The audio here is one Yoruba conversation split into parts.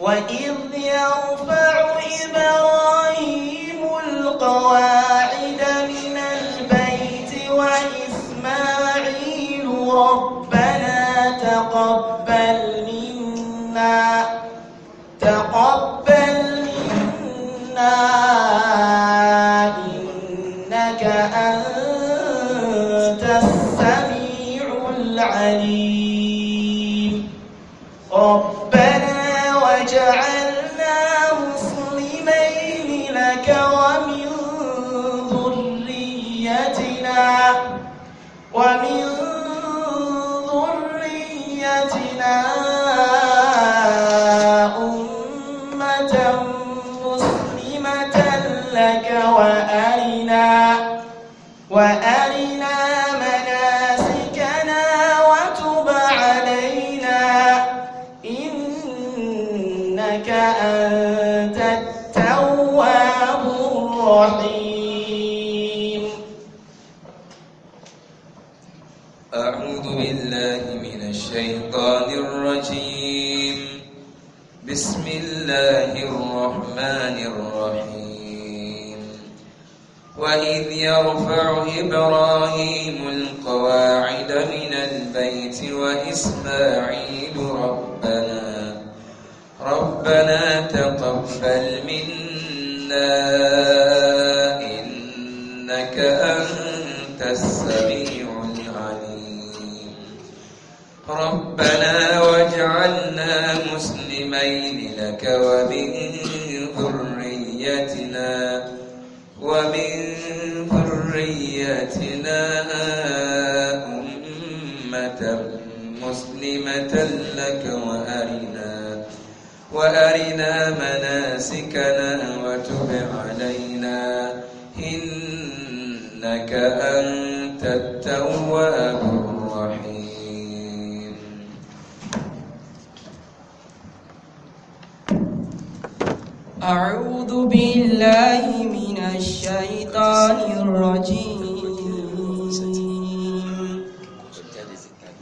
وإذ يرفع إبراهيم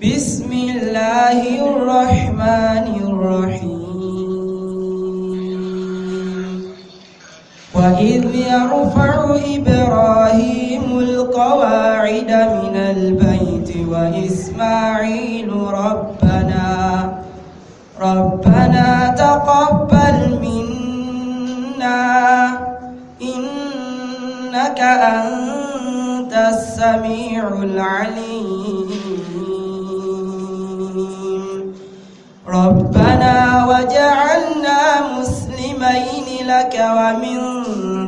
بسم الله الرحمن الرحيم وإذ يرفع إبراهيم القواعد من البيت وإسماعيل ربنا ربنا تقبل منا إنك أنت السميع العليم ربنا وجعلنا مسلمين لك ومن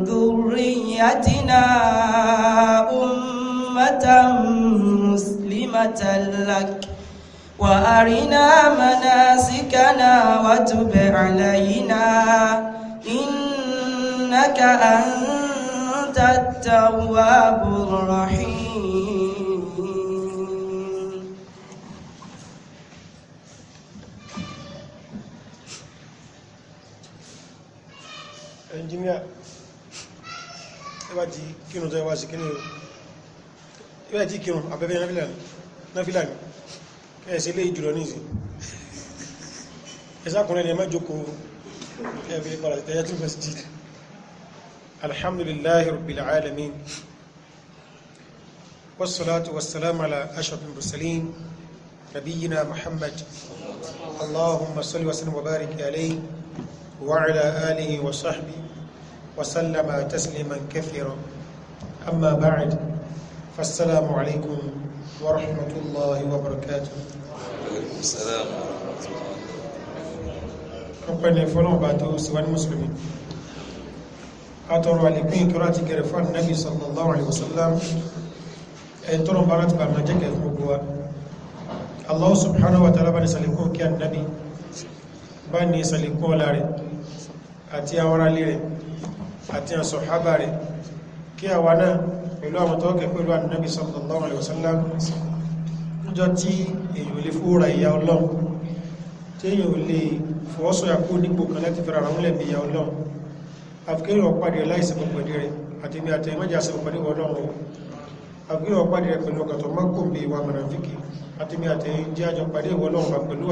ذريتنا أمة مسلمة لك وأرنا مناسكنا وتب علينا إنك أنت التواب الرحيم ẹnjíníà ẹbá ti kírun tó ẹwà sí kírun ẹbá ti kírun abẹ́bẹ́ náfílà ní ẹ̀ẹ́sẹ̀ ilé ìjùlọ ní ìsìn ẹ̀sàkùnrin ni ẹ má jókòó ẹ̀ẹ́fẹ́ padà tahiyatul masjid alhamdulillahi rabbil والصلاة والسلام على أشرف المرسلين نبينا محمد اللهم صل وسلم وبارك عليه وعلى آله وصحبه وسلم تسليما كثيرا أما بعد فالسلام عليكم ورحمة الله وبركاته وعليكم السلام ورحمة الله ọpẹ́lẹ̀ fọ́lọ́ọ̀bá tó síwájú mùsùlùmí àtọrọ àlèkún ìtọ́rọ àti gẹ̀rẹ̀ fún ànábì sallallahu alaihi wasallam ẹni tọ́rọ bá láti bá máa jẹ́ gẹ̀rẹ̀ gbogbo wa Allah subhanahu wa ta'ala bá ní sàlẹ̀kún kí ànábì bá ní sàlẹ̀kún ọlá rẹ̀ àti àwọn alẹ́ rẹ̀ àti àṣọ hábà rẹ̀ kí àwa náà pẹ̀lú àwọn tọ́ọ̀kẹ́ pẹ̀lú ànábì sallallahu alaihi wasallam níjọ tí èyàn lè fóra ìyá ọlọ́run tí èyàn lè fọ́ọ́sọ àkó nípò kan láti fẹ́ra àwọn lẹ́mí ìyá ọlọ́run àfikẹ́yàn ọ̀pàdé láìsẹ̀mọ̀pẹ̀dé rẹ̀ àti ní àtẹ̀mọ́jà sẹ̀mọ̀pẹ̀dé ọlọ́run àbí ọ̀pàdé rẹ̀ pẹ̀lú ọkàtọ̀ mọ́kànlẹ̀ ìwà mọ̀nàfíkì àti mi àtẹ̀yìn jẹ́ àjọpàdé ìwọlọ́ọ̀pá pẹ̀lú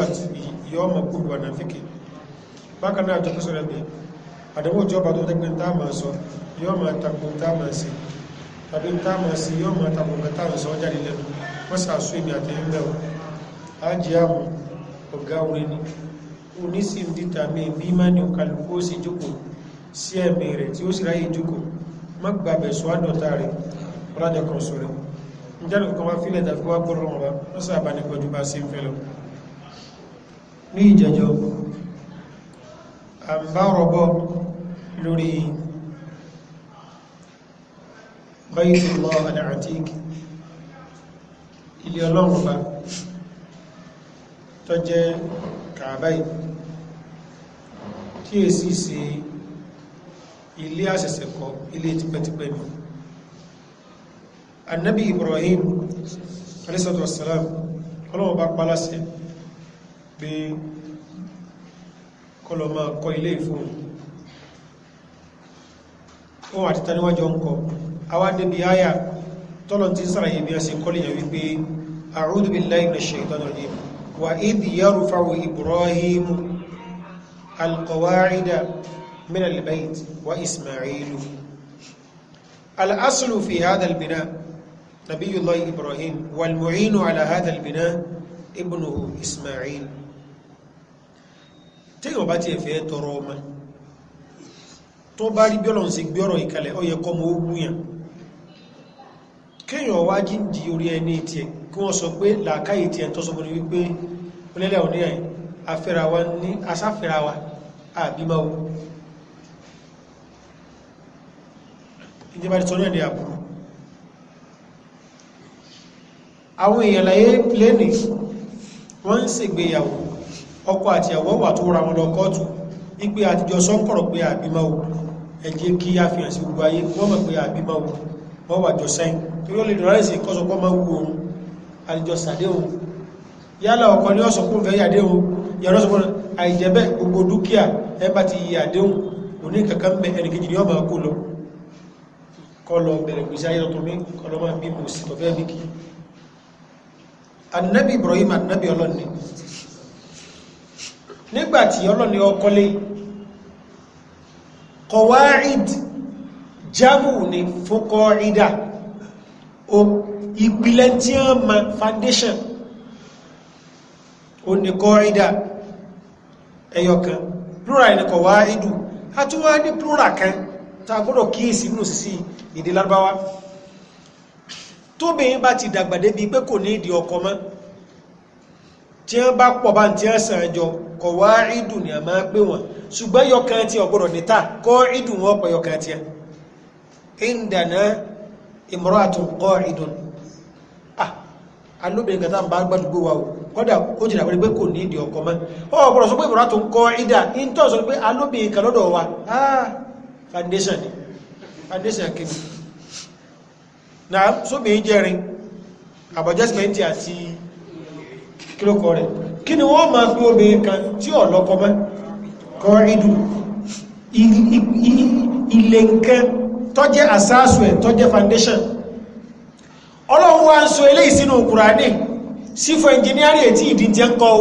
àdánwò ìjọba tó tẹ́gbẹ́ tá máa sọ yóò máa takò tá máa sí tàbí tá máa sí yóò máa takò tá máa sọ jáde lẹ́nu wọ́n sàásù ìmì àtẹ́yìn bẹ̀rù ájì àmù ọ̀gá orin ni onísìn dìtà mi bí má ní òkàlùkù ó sì jókòó sí ẹ̀mí rẹ̀ tí ó sì ráyè jókòó má gbàbẹ̀ sọ àdọ̀ta rẹ̀ ọlájà kan sọ rẹ̀ ìjálù kan wá fílẹ̀ tàbí wá gbọ́rọ̀ wọn bá wọ́n sábà ní pẹ̀lú bá sí ń fẹ́ lọ ní ìjẹjọ́ àmbárọ̀bọ̀ lórí Baytullah al-Atiq ilé ọlọ́run bá tó jẹ́ kàbáyì tí è sì ṣe ilé àṣẹ̀ṣẹ̀kọ́ ilé tipẹ́tipẹ́ ni annabi Ibrahim alisatu wasalam ọlọ́run bá pálásẹ̀ pé kọlọ máa kọ ilé ìfún wọn àti taníwájọ́ ń kọ àwa débi àyà tọ́lọ̀ tí sàràyè bí a ṣe kọ́lé yẹn wípé a'udhu billahi minash shaitanir rajim wa idh yarfa'u ibrahim alqawa'ida min albayt wa ismailu الأصل في هذا tó bá rí bí ọlọ́run ṣe gbé ọ̀rọ̀ ìkalẹ̀ ó yẹ kọ́ mọ́ ogun kéèyàn wá jíǹdì orí ẹni tí ẹ kí wọ́n sọ pé làákàyè tí ẹ tó sọmọ́ ní wípé olẹ́lẹ̀ òní ẹ̀ wa ní asáfẹ́rawa àbímáwó ìjẹba àbúrú àwọn èèyàn láyé lẹ́nì wọ́n ọkọ tó ra wọn lọ ẹ jẹ́ kí a fi hàn sí gbogbo ayé wọ́n mọ̀ pé àbí máa wù wọ́n wà jọ sẹ́yìn torí ó lè dọ̀rọ̀ ẹ̀sìn kọ́sọ pọ́ máa wù òun àlejò sàdé òun yálà ọkọ ní ọ̀sọ̀ pọ̀ fẹ́ yàdé òun yàrá ọ̀sọ̀ àìjẹ́bẹ́ gbogbo dúkìá ẹ bá ti yàdé òun òní Ibrahim anabi ọlọ́ni nígbàtí ọlọ́ni ọkọ́lé kọwáìd jamu ni fúnkọ́ rídà ìpìlẹ̀ tí a ma foundation ó ní kọ́ rídà ẹyọkan plural ni kọwáìdù a tún wá ní plural kan tá a gbọ́dọ̀ kíyèsí nínú sísí ìdí lárúbáwá tóbìnrin ti dàgbà débi pé kò ní ìdí ọkọ mọ́ tí wọ́n bá pọ̀ bá ń tí wọ́n sàn jọ kọ̀ wá ìdùn ni a máa pè wọ́n ṣùgbọ́n yọkan tí ọgbọ́dọ̀ níta kọ́ ìdùn wọn pọ̀ yọkan tí ẹ ń dànà ìmọ̀rọ̀ àtún kọ́ ìdùn alóbìnrin ah, kan tá n bá gbàdúgbò wa o kọ́dà ó jìnà wọlé pé kò ní ìdí ọkọ mọ́ ọ gbọ́dọ̀ sọ pé ìmọ̀rọ̀ àtún kọ́ ìdà ń tọ́ sọ pé alóbìnrin kan lọ́dọ̀ wa ah, foundation ni foundation kìíní na sóbìnrin jẹrin àbọ̀jẹ́sìmẹ́ntì àti kílókọ rẹ̀ kí ni wọ́n máa fi obìnrin kan tí ò lọ́kọ mọ́ kọ́ ìdù ilé nǹkan tọ́jẹ́ àsáàsù ẹ̀ tọ́jẹ́ foundation ọlọ́run wá ń so eléyìí sínú kùránì sífò ẹnjìníárì ètí ìdí tí ń kọ́ o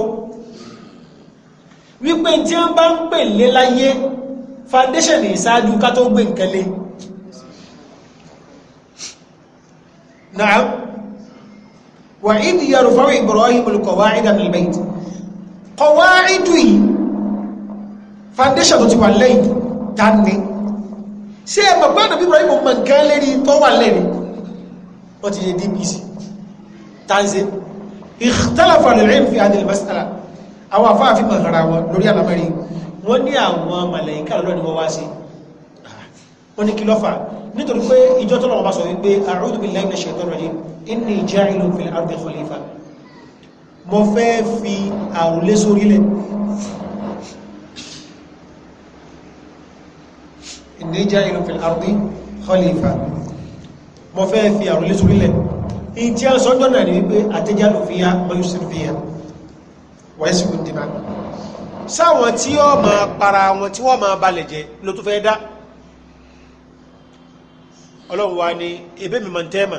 wípé tí wọ́n bá ń pè lé láyé foundation ní ìsáájú ká tó gbé nǹkan وإذ يرفع إبراهيم القواعد من البيت قواعد foundation tó ti wà lẹ́yìn tani ṣé ẹ mọ̀ pé àdàbí Ibrahim mọ̀ nǹkan lérí tó wà lẹ́yìn wọ́n ti yẹ DPC tanzi ikhtalafa al-'ilm fi hadhihi al-mas'ala àwọn afáàfin mọ̀ ara wọn lórí alamẹ́rin wọ́n ní àwọn màlẹ̀yìn kàlọ́ ni wọ́n wá sí wọ́n ní kí lọ́fà nítorí pé ìjọ tó lọ́wọ́ bá sọ wípé a'udhu billahi minash shaitanir rajim inni ja'ilun fil ardi khalifa mo fẹ́ fi àrùlé sórílẹ̀ inni ja'ilun fil ardi khalifa mo fẹ́ fi àrùlé sórílẹ̀ in tí a sọ́jọ́ náà ni wípé àtẹ́jálò fi ya ọyúsìn fi ya wẹ́sìkò dìbà sáwọn tí ó ma para wọn tí wọ́n ma balẹ̀ jẹ ló tó fẹ́ dá ọlọ́run wa ni ebé mi mọ̀ tẹ́ẹ̀mà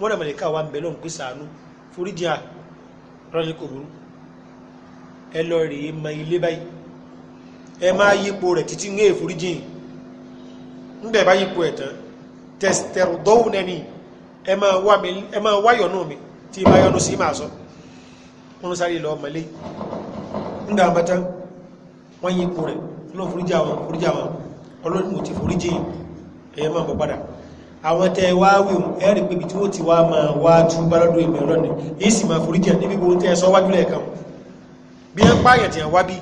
wọ́n dẹ̀ mọ̀lẹ́ká wa ń bẹ̀ lọ́n pé sàánú foríjì à rọ́lẹ́ kò burú ẹ lọ rèé mọ ilé báyìí ẹ máa yípo rẹ̀ títí ní èforíjì yìí níbẹ̀ bá yípo ẹ̀ tán tẹ̀sítẹ̀rọ̀dọ́wù nẹ́ni ẹ máa wáyọ̀ náà mi tí ìbá yọnu sí máa sọ wọn sáré lọ mọ̀lẹ́ nígbà wọn yípo rẹ̀ lọ́n foríjì àwọn foríjì àwọn ọlọ́run ò ti foríjì ẹ̀yẹ máa bọ̀ padà àwọn tẹ́ wá wíwù ẹ̀rì pé ibi tí ó ti wá máa wá tún bá lọ́dún ìmọ̀ ẹ̀rọ ni yìí sì máa foríjì níbi gbogbo tẹ́ sọ wájú lẹ́ẹ̀kan bí wọ́n pààyàn tí wọ́n wá bí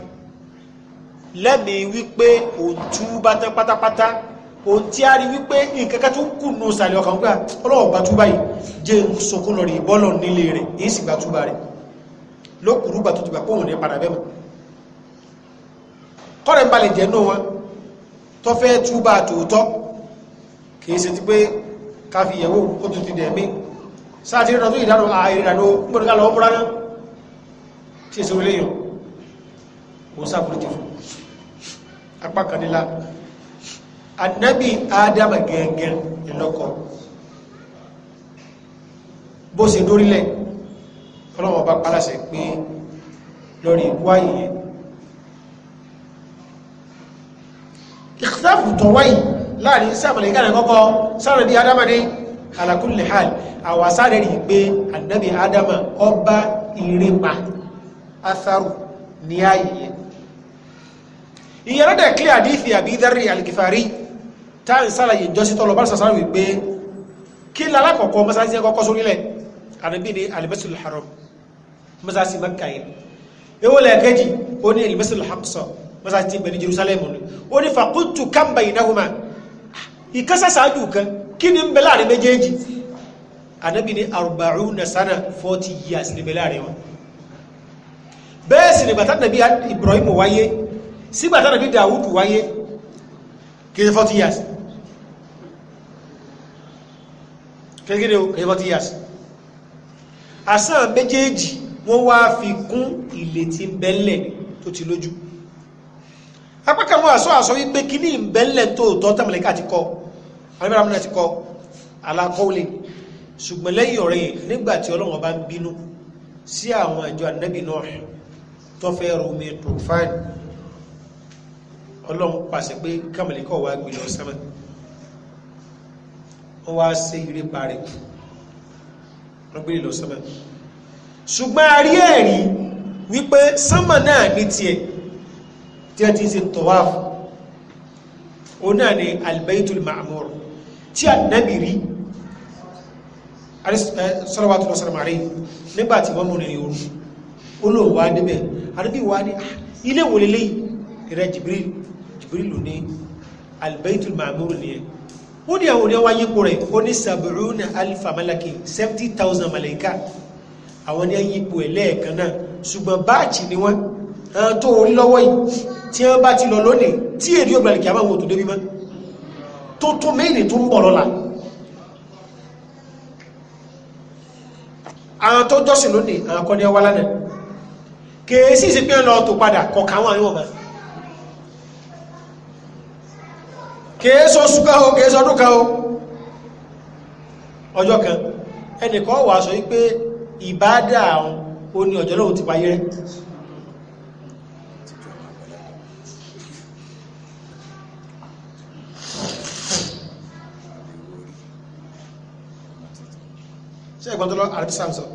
lẹ́mi wípé òun tún bá tán pátápátá òun tí a rí wípé nǹkan kan tó kù nù sàlẹ̀ ọkàn gbà kìí ṣe ti pé káfí ìyẹ̀wò ó tún ti dẹ̀mí sáàtì ìrìnà tó ìdánù àìrìnàdó gbọ́dọ̀ká lọ múra náà tí èso ilé yàn ó sáàbùrú ti fún apá kan nílá ànábì ádámà gẹ̀ẹ́gẹ́ ìlọ́kọ bó ṣe dórílẹ̀ ọlọ́wọ́ bá paláṣẹ pé lórí ikú ayẹyẹ ìkìtàfù tọ́wáyìí láàrin sàmàlẹ̀ ìkàrẹ̀ kọ́kọ́ sàrẹ̀ bí adama ní alakulli hal àwà sáré rí pé annabi adama ọba ìrìnpa atharu ní ayẹyẹ ìyẹn rẹ̀ kílẹ̀ àdífì àbí ìdárí alìkìfàrí táà ń sàlàyé ìjọsí tọ́lọ bá sàsára wípé kí lálákọ̀ọ́kọ́ mọ́sánsí ẹkọ́kọ́ sórílẹ̀ àdàbí ní alìbẹ́sùlù haram mọ́sánsí mẹ́kà yẹn ewo lẹ́ẹ̀kẹ́jì ó ní alìbẹ́sùlù hamsa mọ́sánsí ti bẹ̀ ní Jerusalem ó ní fàkútù kamba ìdáhùmá ìkásá sáájú kan kí ni ń bẹ láàrin méjèèjì anábì ní arba'una sana 40 years ní bẹ láàrin wọn bẹ́ẹ̀ sì nígbàtà nàbí Ibrahim wáyé sígbàtà nàbí Dawud wáyé kìí 40 years kékeré o kìí 40 years àsán méjèèjì wọ́n wá fi kún ilé tí ń bẹ́lẹ̀ tó ti lójú apákanmọ́ àsọ́ àsọ́ wípé kí ní ìbẹ́lẹ̀ tó tọ́ tàbílẹ̀ká ti kọ́ alẹ́bẹ̀rẹ̀ amúnà ti kọ alákọ́ọ̀lẹ̀ ṣùgbọ́n lẹ́yìn ọ̀rẹ́ nígbàtí ọlọ́wọ́n bá ń bínú sí àwọn àjọ ànábì náà tó fẹ́ romi profile ọlọ́run pàṣẹ pé kàmàlíkọ̀ wá gbé lọ sẹ́mà wọ́n wá sí eré parí wọ́n gbé lọ sẹ́mà ṣùgbọ́n a rí ẹ̀rí wípé sẹ́mà náà ní tiẹ̀ tí a ti ń ṣe tọ́wáfù ó náà ní albaitul ma'amur tí ànábì rí sọ́lọ́wà tó lọ́sọ̀rọ̀ màrí nígbàtí wọ́n múrin ní orú olóòwà níbẹ̀ ànábì wà ní ilé wòlélé rẹ̀ Jibril Jibril ló ní albaitul ma'mur nìyẹn ó ní àwọn oníwá yípo tí wọ́n bá ti lọ lónìí tí èdè ògbàlìkì àbáwọn òtò débi máa tó tó méjì tó ń bọ̀ lọ́la àwọn tó jọ́sìn lónìí àwọn akọni ọwá lánàá kèésì sí pé ń lọ tó padà kọ̀ọ̀kan àwọn àríwọ̀n máa kèésọ ṣúgbà o kèésọ ọdún o ọjọ́ kan ẹnìkan wà sọ wípé ìbádà àwọn oní ọjọ́ lóhun ti wáyé rẹ̀ ṣe ẹ̀gbọ́n tó lọ àrẹ́bí samson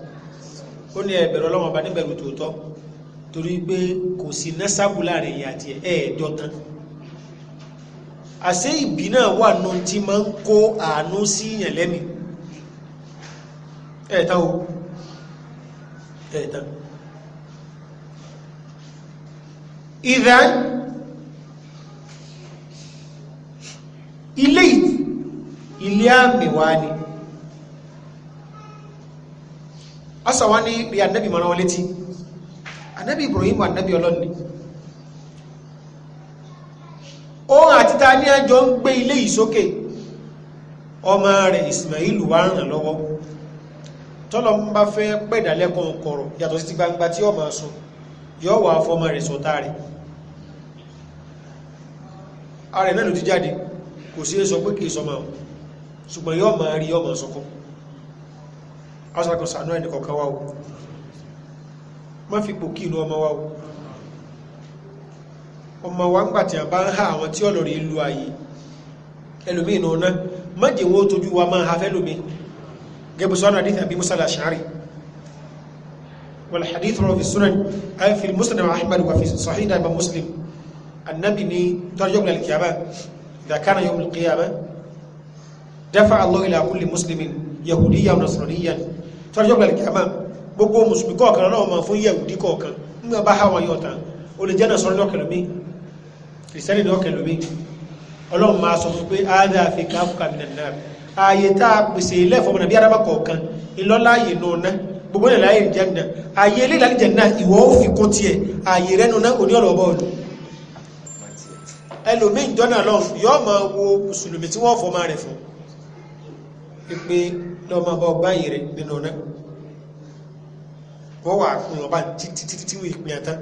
ó ní ẹ̀bẹ̀rẹ̀ ọlọ́run ọba níbẹ̀rù tòótọ́ torí pé kò sí nẹ́sàbù láàrin ìyá àti ẹ̀ẹ́dọ́tán àṣé ìbí náà wà nù tí máa ń kó àánú sí yàn lẹ́mi ẹ̀ẹ̀tán o ẹ̀ẹ̀tán ìdá ilé ilé wa ni. ọ́sà wá ní rí ànábì mọ́ra wọn létí ànábì Ibrahim ànábì ọlọ́ni òun àti ta ní ẹjọ́ ń gbé ilé yìí sókè ọmọ rẹ̀ Ismail wá ràn lọ́wọ́ tọ́lọ ń bá fẹ́ pẹ̀dálẹ́kọ̀ọ́ kọ̀rọ̀ yàtọ̀ sí ti gbangba tí ọmọ sọ yọ wà fọmọ rẹ̀ sọ̀tá rẹ̀ ààrẹ náà ló ti jáde kò sí é sọ pé kìí sọmọ ṣùgbọ́n yọ máa rí ọmọ sọkọ́ aṣọ́kọ̀ sànú ẹni kọ̀ọ̀kan wá o má fi pò kí inú ọmọ wá o ọmọ wa ń gbà tí a bá ń ha àwọn tí ọlọ́rẹ̀ ìlú ayé ẹlòmí inú ọ̀nà mọ́jẹ̀ wọ́n tójú wa máa ha fẹ́lòmí gẹ́bù sọ́nà àdíth àbí musa al-ash'ari wal hadith rọ̀ fi sunan ayé fi muslim ahmad wa fi dafa allah ila kulli muslimin yahudiya nasraniya tọ́jọ́ pẹ̀lú kẹma gbogbo musulmi kọ̀ọ̀kan náà ma fún yahudi kọ̀ọ̀kan nígbà bá ha wọn yọ̀ta o lè jẹ́nà sọ́rọ̀ lọ́kẹ̀lómi kìrìsẹ́nì lọ́kẹ̀lómi ọlọ́run máa sọ fún pé áádá fi káfùkà mi nàná ààyè tá a pèsè ilé ẹ̀fọ́ mọ̀nà bí adama kọ̀ọ̀kan ìlọ́láyè nùnà gbogbo ilẹ̀ láyè jẹ́nà ààyè ilé ìlàlẹ́ jẹ́nà ìwọ́ ó fi kó tiẹ̀ ààyè rẹ̀ nùnà òní ọ̀rọ̀ bọ́ọ̀lù ẹlòmíì jọ́nà lọ́n yọ́ máa wo mùsùlùmí tí wọ́n fọ́ máa rẹ̀ fún pípé lọ́mọ bọ́ báyìí rẹ̀ nínú náà wọ́n wà fún ọba títí wọ́n ìpín àtán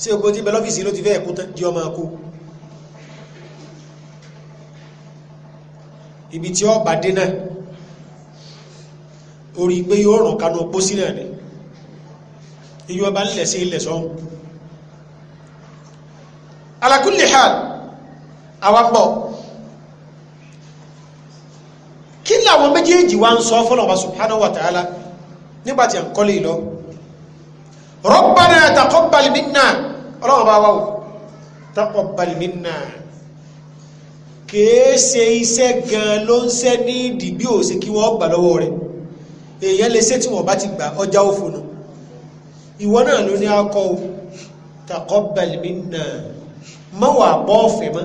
sí ogbó tí bẹ́lọ́fíìsì ló ti fẹ́ ẹ̀kú tán di ọmọ akó ibi tí ó bàdé náà orí pé yóò ràn kánú opó sí náà ni iyú ọba nílẹ̀ sí ilẹ̀ sọ́hún ala kulli àwọn pọ̀ kí làwọn méjèèjì wá ń sọ fọ́lọ̀wà subhanahu wa ta'ala nígbàtí à ń kọ́lé lọ rabbana taqabbal minna ọlọ́wọ́ bá wáwọ́ taqabbal minna kìí ṣe iṣẹ́ gan ló ń ṣẹ́ ní ìdí bí ò sí kí wọ́n gbà lọ́wọ́ rẹ̀ èèyàn lè ṣe tí wọ́n bá ti gbà ọjà òfònà ìwọ náà ló ní akọ taqabbal minna mọ́wàá bọ́ọ̀fẹ̀ mọ́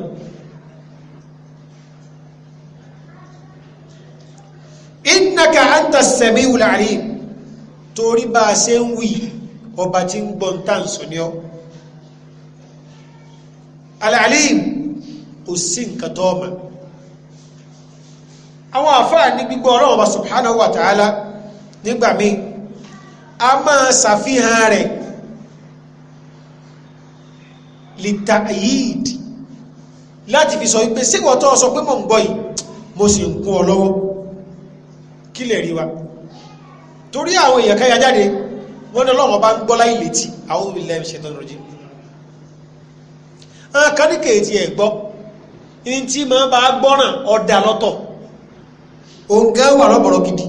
anta samiul alim torí bá a ṣe ń wí ọba tí ń gbọ́n tá à ń sọ ní ọ alalim kò sí nǹkan tó ọmọ àwọn àfáà ní gbígbọ́ ọ̀rọ̀ ọba subhanahu wa ta'ala nígbà a máa ṣàfihàn rẹ̀ litayid láti fi sọ wípé síwọ́tọ́ sọ pé mò ń gbọ́ yìí mo sì ń kún ọ lọ́wọ́ kílẹ̀ rí wa torí àwọn èèyàn káyà jáde wọ́n ní ọlọ́run bá ń gbọ́ láì létí àwọn ilẹ̀ ṣètò ìrọ̀jì àwọn kan ní kèétì ẹ̀ gbọ́ ní tí máa bá gbọ́ràn ọ̀dà lọ́tọ̀ òǹkà wà lọ́bọ̀rọ̀ gidi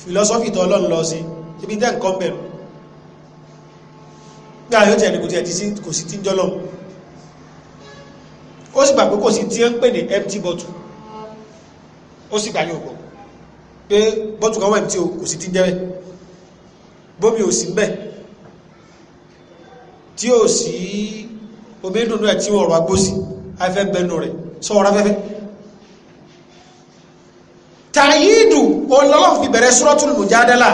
fìlọ́sọ́fì tó ọlọ́run lọ sí ibi tẹ́ nǹkan bẹ̀rù gbà yóò tẹ̀lé kò tí kò sí tí ń jọ́lọ́run ó sì gbà pé kò sí tí ń pè ní empty bottle ó sì gbà yóò gbọ́ pé bọ́tù kan wà ní tí kò sí ti jẹ́rẹ̀ bómi ò sí mbẹ̀ tí ò sí omi dùnú ẹ̀ tí ọ̀rọ̀ agbósí afẹ́ bẹnu rẹ̀ sọ́ọ̀rọ̀ afẹ́fẹ́ tàyídù ọlọ́run fi bẹ̀rẹ̀ suratul mujadala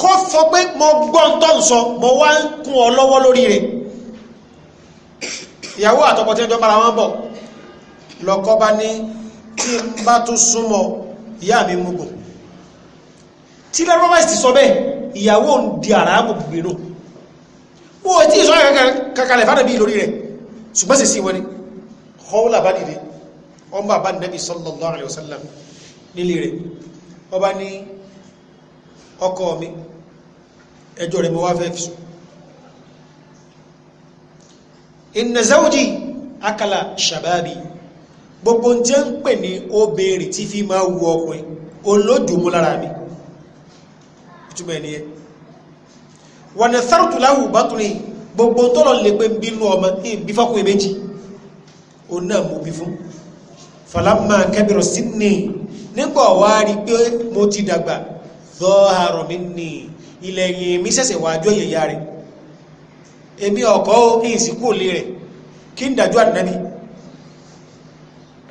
kọ́ sọ pé mo gbọ́n tó ń sọ mo wá ń kún ọ lọ́wọ́ lórí rẹ̀ ìyàwó àtọkọ para ẹjọ́ bára wọn bọ̀ lọ́kọ́ bá ní tí n bá tún súnmọ́ ìyá mi mugun tí lẹ́rọ́mọ́sì ti sọ bẹ́ẹ̀ ìyàwó ń di àràbò gbèrò wọ́n tí ìsọ́ kakalẹ̀ fánàbí lórí rẹ̀ ṣùgbọ́n sì sí wọn ni akala shababi gbogbo ń jẹ́ ń pè ní obìnrin tí fi máa wu ọkùnrin olódùmú lára mi ìtumọ̀ ẹni yẹ wọ́n ni sárùtù láwù bá tún ní gbogbo tó lọ lè pé bínú ọmọ bí fọ́kùnrin méjì ó náà mú bí fún falamma kẹbìrọ̀ sí ní nígbà wá rí pé mo ti dàgbà zọ́ọ̀hárọ̀ mi ní ilẹ̀ yìí mi ṣẹ̀ṣẹ̀ wá jọ yẹ̀yà rẹ̀ èmi ọ̀kọ́ ìsìnkú òlé rẹ̀ kí ń dájú ànábì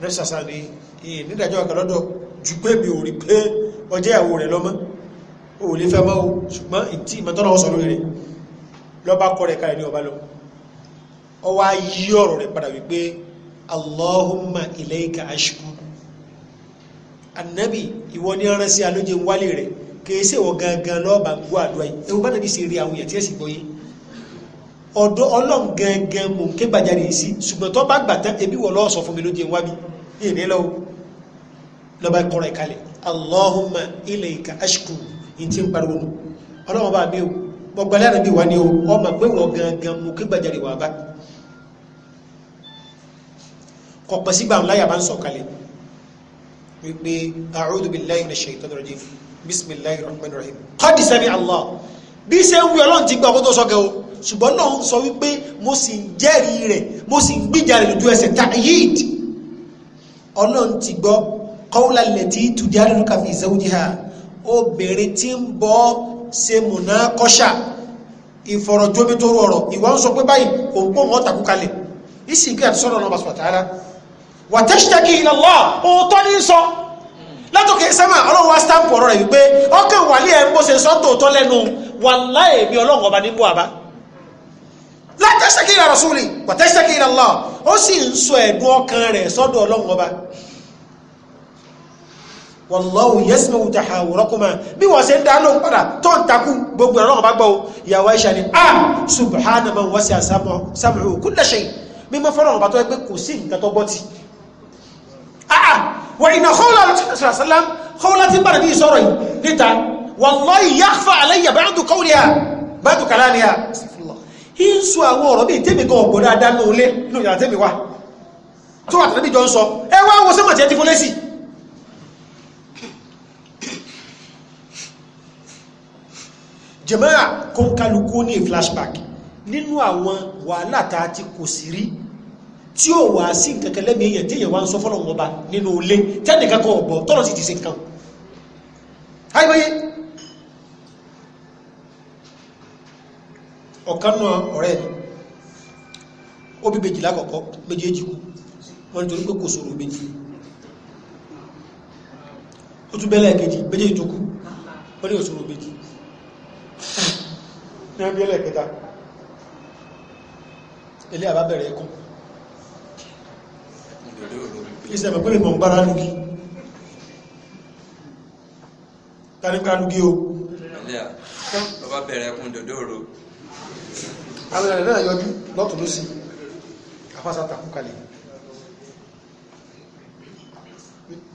necessary nídàjọ́ àkàlọ́dọ̀ ju pé mi ò rí pé ọjẹ́ ìyàwó rẹ̀ lọ́mọ́ o lè fẹ́ mọ́ o ṣùgbọ́n ìtí ìmọ̀tọ́nà ọ̀sọ̀ lórí rẹ̀ lọ́bá kọ́ rẹ̀ kalẹ̀ ní ọba lọ ọ yí ọ̀rọ̀ rẹ̀ padà wípé Allahumma ilayka ashku annabi ìwọ ní ọ̀rẹ́ sí alóje wálé rẹ̀ kèése wọ gangan lọ́ọ̀bà gbọ́ àdúrà yìí ewu bá nàbí ṣe rí àwọn ṣùgbọ́n tó bá gbà tán ebi wọ̀ lọ́ọ̀sọ̀ fún mi lóje wá mi ìní lọ lọ́ba kọ́ra ìkalẹ̀ allahumma ilayka ashku ní tí ń pariwo nù ọlọ́wọ́n bá mi o gbogbo alára bí wà ní o ọmọ pé wọ́n gangan mú kí gbàjarè wà bá kọ̀pọ̀ sígbà ńlá yàrá ń sọ̀kalẹ̀ wípé a'udhu billahi minash shaitanir ṣe ń rẹ̀ mo sì ń gbìjà ọlọ́run ti gbọ́ kọ́wúlà lẹ́tí tùjálùkà fi zawjiha obìnrin tí ń bọ́ ṣe múná kọ́ṣà ìfọ̀rọ̀jómitoro ọ̀rọ̀ ìwà ń sọ pé báyìí òun pọ̀ mọ́ takú ìsìnkú àti sọ́nà ọlọ́ba sọ̀tàrà wà tẹ́ṣítẹ́kì ila Allah òótọ́ ní sọ látòkè sẹ́mà ọlọ́run wá stamp ọ̀rọ̀ rẹ̀ wípé ọkàn wàlẹ́ ẹ̀ ń bó ṣe sọ́tòótọ́ lẹ́nu wàláì mi ọlọ́run ọba ní bó àbá látẹ́sẹ̀kì ìlà rọ̀súlì pọ̀tẹ́sẹ̀kì ìlà Allah ó sì ń sọ ẹ̀dùn ọkàn rẹ̀ sọ́dọ̀ ọlọ́run ọba wallahu yasma'u tahawurakuma bí wọ́n ṣe ń dá lóhùn padà tó ń takú gbogbo ọlọ́run ọba gbọ́ ìyàwó Aisha ni a ah, subhana man wasi'a sam'uhu kulla shay mímọ́ fọ́lọ́run ọba tó ẹgbẹ́ kò sí nǹkan tó gbọ́ ti ah, wa ina khawla rasulullah sallam khawla í ń sọ àwọn ọ̀rọ̀ bíi tèmi gan ọ̀gbọ̀n dáadáa ní olé inú ìyàrá tèmi wá tó wà tàbí jọ ń sọ ẹ wá wo sẹ́mọ̀ tí ẹ ti fún lẹ́sì jẹ̀mọ́ra kó ń kálukú ní flashback nínú àwọn wàhálà tá a ti kò sí rí tí ó wà sí nǹkankan lẹ́mìí èèyàn tí èèyàn wá ń sọ fọ́lọ́wọ́n ọba nínú ilé tẹ́nìkan kan ọ̀bọ̀ tọ́lọ́ sì ti ṣe nǹkan. ayé ọ̀kan náà ọ̀rẹ́ mi ó bí méjìlá kọ̀kọ́ méjèèjì kú wọ́n nítorí pé kò sọ̀rọ̀ méjì ó tún bẹ́lẹ̀ kejì méjèèjì tó kú wọ́n ní òṣòro méjì ní ẹgbẹ́ ẹlẹ́kẹta ilé àbábẹ̀rẹ̀ ẹkùn ìsẹ̀mẹ̀ pé mọ̀ ń bára lúgí tàbí ká lúgí o ilé àbábẹ̀rẹ̀ ẹkùn dòdó àwọn ẹ̀rẹ̀ náà yọjú lọ́tún ló sí afásá takúkalẹ̀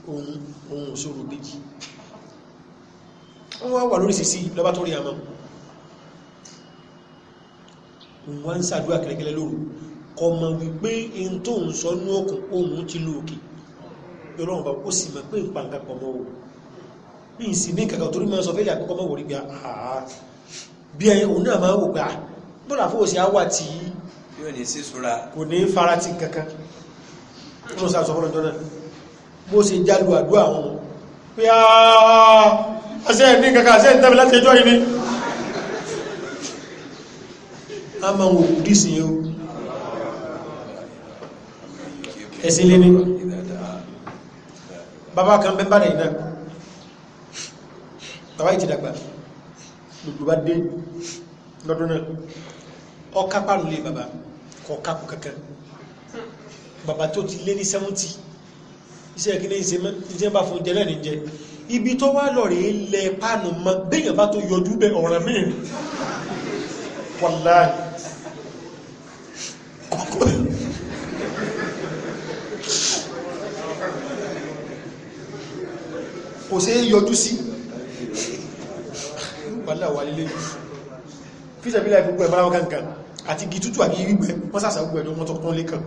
ohun òṣòro méjì wọ́n wà lórí sísí lọ́bá tó rí àmọ́ wọ́n ń sàdúrà kẹ́lẹ́kẹ́lẹ́ lóru kọmọ wípé in tó ń sọ ní ọkùn ohun ti ló òkè yọ́rọ̀wọ̀n bá ó sì mọ̀ pé ìpàǹkà pọ̀mọ́ wò ní ìsinmi kàkà torí máa sọ fẹ́lẹ̀ àkọ́kọ́ mọ́ wò bọ́lá fún òsì àwà tí yóò ní sí ṣúra kò ní fara ti kankan ní ọ̀sán àṣọ fọ́nà jọ́nà bó ṣe jálù àdúrà wọn pé àṣẹ ní kankan àṣẹ ìtẹ́bí láti ẹjọ́ yìí ni a máa wò kú dísìn yóò ẹ̀sìn lé ní bàbá kan bẹ́ bàrẹ̀ iná tàwáì ti gbogbo bá dé lọ́dún náà ọká pàrọ̀ lé bàbá kọ kápù kankan bàbá tó ti lé ní sẹ́wọ́ntì iṣẹ́ ìkíní ìṣe mọ́ ìṣe bá fún jẹ náà ní jẹ ibi tó wá lọ rèé lẹ páànù mọ béèyàn bá tó yọjú bẹ ọ̀ràn míì wàlá kọ́kọ́ kò sí yọjú sí wàlá wà lélẹ́yìn fíṣẹ̀bílá ìgbogbo ẹ̀bára e kankan àti gìtútù àbí gbígbẹ́ wọ́n sàṣà gbogbo ẹ̀dọ́ mọ́tọ̀ tán lékan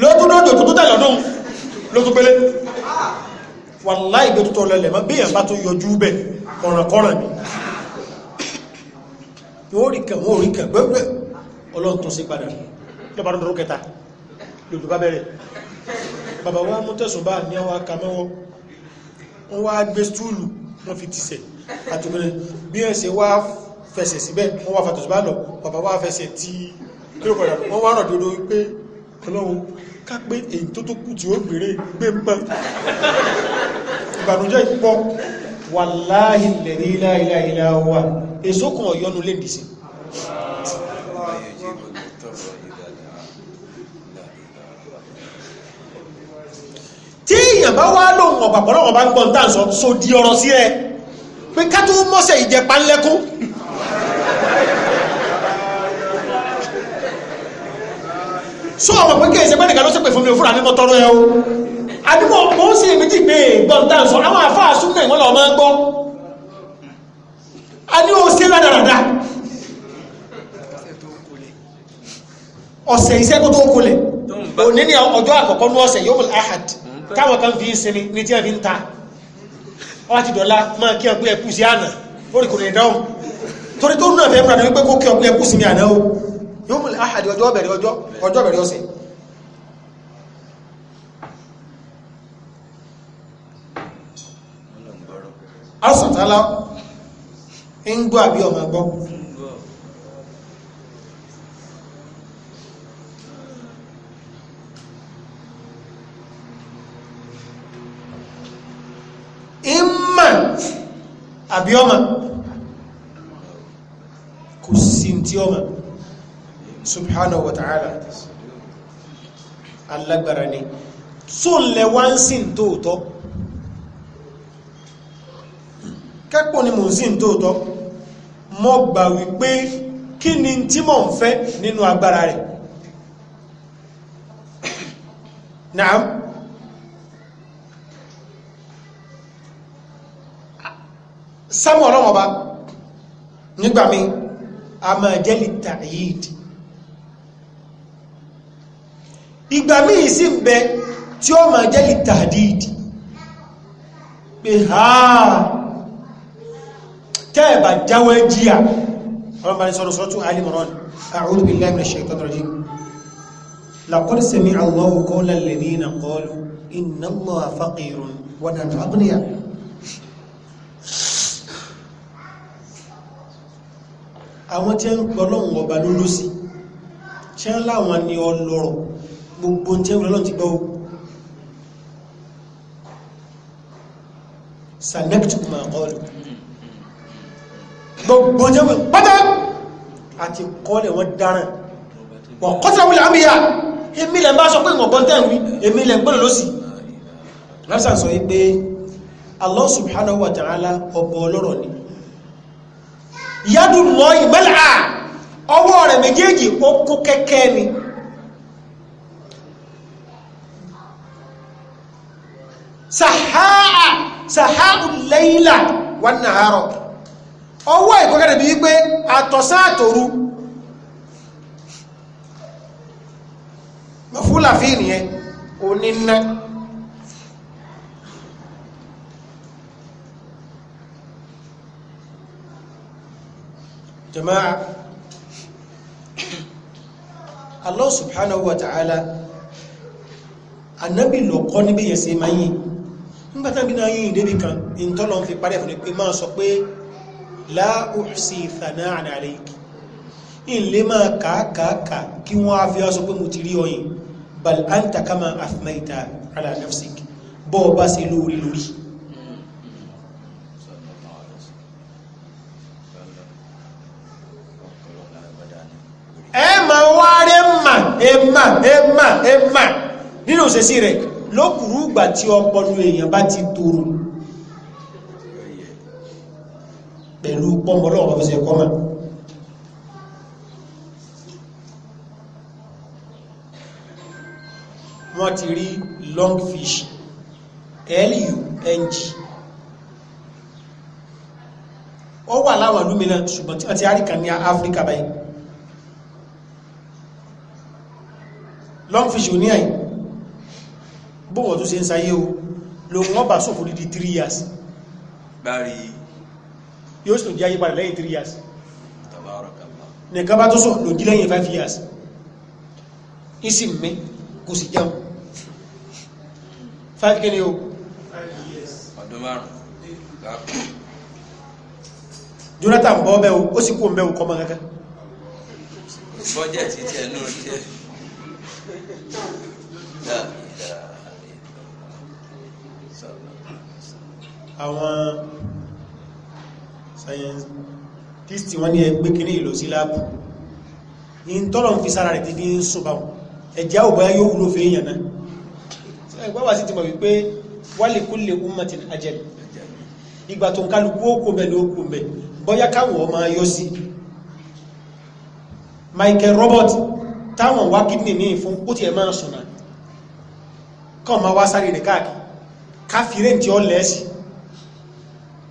lótúndòdò tó tẹ̀lé ọdún ló tó gbélé wàláì gbé tútọ́ lẹ́lẹ̀ mọ́ bí ìyàmbá tó yọjú bẹ̀ kọ̀rànkọ̀ràn ni wọ́n rí kẹ̀ wọ́n rí kẹ̀ gbẹ́gbẹ́ ọlọ́run tó sí padà lọ́bàá lọ́dọ̀ kẹta lòdù bá bẹ̀rẹ̀ bàbá wa mú tẹ̀sùn bá ní àwọn akamẹ́wọ́ wọ́n wá gbé stúùlù wọ́n fi tìsẹ̀ àtòmẹ́rẹ́ bí ẹ̀sẹ̀ wá fẹsẹ̀ síbẹ̀ wọ́n wá fàtọ̀sí bá lọ bàbá wá fẹsẹ̀ tí kílòkọ̀dà wọ́n wá rọ̀ dodo pé ọlọ́run ká pé èyí tó tó kù tí ó gbèrè gbé mọ́ ìbànújẹ́ ìpọ́ wàláhì lẹ̀rí láìláìlá wà èso kan ọ̀yọ́nu lè dìsí tí èyàn bá wá lóhun ọ̀pàpọ̀lọ́wọ̀n bá ń gbọ́n tàǹsọ́ so di ọ̀rọ̀ sí ẹ pé ká tó mọ́sẹ̀ ìjẹpa ńlẹ́kún sọ ọmọ pé kéèsì pé nìkan ló ṣépè fún mi òfúra ní mo tọrọ ẹ o àbí mo mo ń ṣe èméjì pé gbọ́n tá à ń sọ àwọn àfáà súnmọ́ ìwọ́n lọ́ọ́ máa ń gbọ́ a ní o ṣe rádaràda ọ̀sẹ̀ iṣẹ́ kó tó kólẹ̀ òní ni ọjọ́ àkọ́kọ́ ní ọ̀sẹ̀ yóò mú ahad táwọn kan fi ń sinmi ní tí a fi ń ta wọ́n ti dọ̀la máa kí ọgbẹ́ ẹ̀kú sí àná ó rí kò ní dáhùn torí tó náà fẹ́ múra ní wípé kó kí ọgbẹ́ ẹ̀kú sí mi àná o yóòmùlẹ̀ àhàdì ọjọ́ bẹ̀rẹ̀ ọjọ́ ọjọ́ bẹ̀rẹ̀ ọ̀sẹ̀ asọ̀tálá ń gbọ́ àbí ọmọ gbọ́ ìmọ̀ àbí ọmọ kò sí tí ọmọ subhanahu wa ta'ala alágbára ni tó lẹ wá ń sìn tóòtọ́ kẹ́pọ̀ ni mò ń sìn tóòtọ́ mọ́ gbà wípé kí ni tí mò ń fẹ́ naam sámọ̀ ọlọ́mọba nígbàmí a máa jẹ́ lè tàyíìdì ìgbà míì sí bẹ tí ó máa jẹ́ ìtàdídì pé ha tẹ́ẹ̀bà jáwẹ́ jíà ọlọ́run bá ní sọ́rọ̀ sọ́rọ̀ tún alìmọ̀rán a'udhu billahi minash shaitanir rajim laqad sami'a Allahu qawla alladhina qalu inna àwọn tí ń pọ̀lọ́wọ̀n ọba tí ń láwọn ni ọlọ́rọ̀ gbogbo tí ó ti gbọ́ o sanẹ́kùtù ma kọlù gbogbo tí ó lọ́lọ́ pátá àti kọlẹ̀ wọ́n dáràn wọ́n kọ́sàwìlẹ̀ àmìyà emílẹ̀ bá sọ pé ìwọ̀gbọ́n tẹ́wì emílẹ̀ gbọ́nà ló sì rásà sọ wípé Allah subhanahu wa ta'ala ọ̀pọ̀ ọlọ́rọ̀ ni yádùn mọ́ ìmẹ́lẹ̀ ọwọ́ rẹ̀ méjèèjì ó kẹ́kẹ́ ni sàháà sàháù lẹ́yìnlá wà ní àárọ̀ ọwọ́ ìkọ́kẹ́rẹ̀ bí wípé àtọ̀sán àtòru mọ̀fúlà fi ìrìnyẹn oníná jama'a Allah subhanahu wa ta'ala annabi lọ níbi yẹ̀ sí máa nígbàtàbí náà yìí débi kan ìntọ́lọ̀ fi parẹ́ fún ní pé máa sọ pé la uhsi thana'an alayki ilé máa kàákàákà kí wọ́n á fi á sọ pé mo ti rí ọyìn bal anta kama athnaita ala nafsik bọ́ ọba sí lórí lórí ẹ ma wá rẹ̀ ẹ mà ẹ mà ẹ mà nínú òṣèṣì rẹ̀ lókùrú ìgbà tí ọpọlọ èèyàn bá ti tòrò pẹ̀lú pọ́nbọ́lọ́ ọ̀pọ̀ fẹsẹ̀ kọ́mà wọ́n ti rí Longfish fish l-u-n-g ó wà láwọn lúmínà ṣùgbọ́n tí wọ́n ti áríkà ní Áfíríkà báyìí long fish ò ní àyí bóòwọ̀n tó ṣe ń sayé o ló wọ́n bá sòfò dídí 3 years bari yóò sì tó jẹ́ ayébára lẹ́yìn 3 years nìkan bá tó sọ ló jí lẹ́yìn 5 years isi mi kò sì jẹun 5 kí ni o ọdún márùn Jonathan bọ́ bẹ́ o ó sì kó mẹ́ o kọ́ mọ́ kankan àwọn scientisti wọ́n ní ẹgbẹ́ kí ní ìlò sí láàpù ní tọ́lọ̀ ń fi sára rẹ̀ ti fi ń sọ báwọn ẹ̀já ò báyá yóò wúlò fèèyàn náà ẹgbẹ́ wà sí ti mọ̀ wípé wálé kulli ummatin ajal ìgbà tó ń kálukú ókú mẹ́ ló kú bọ́yá káwọn ọmọ ayọ́ sí Michael Robert táwọn wá kidney ní ìfún ó ti ẹ̀ máa sùn náà kọ́ ma wá sáré rẹ̀ káàkiri káfírẹ́ntì ọ̀lẹ́sì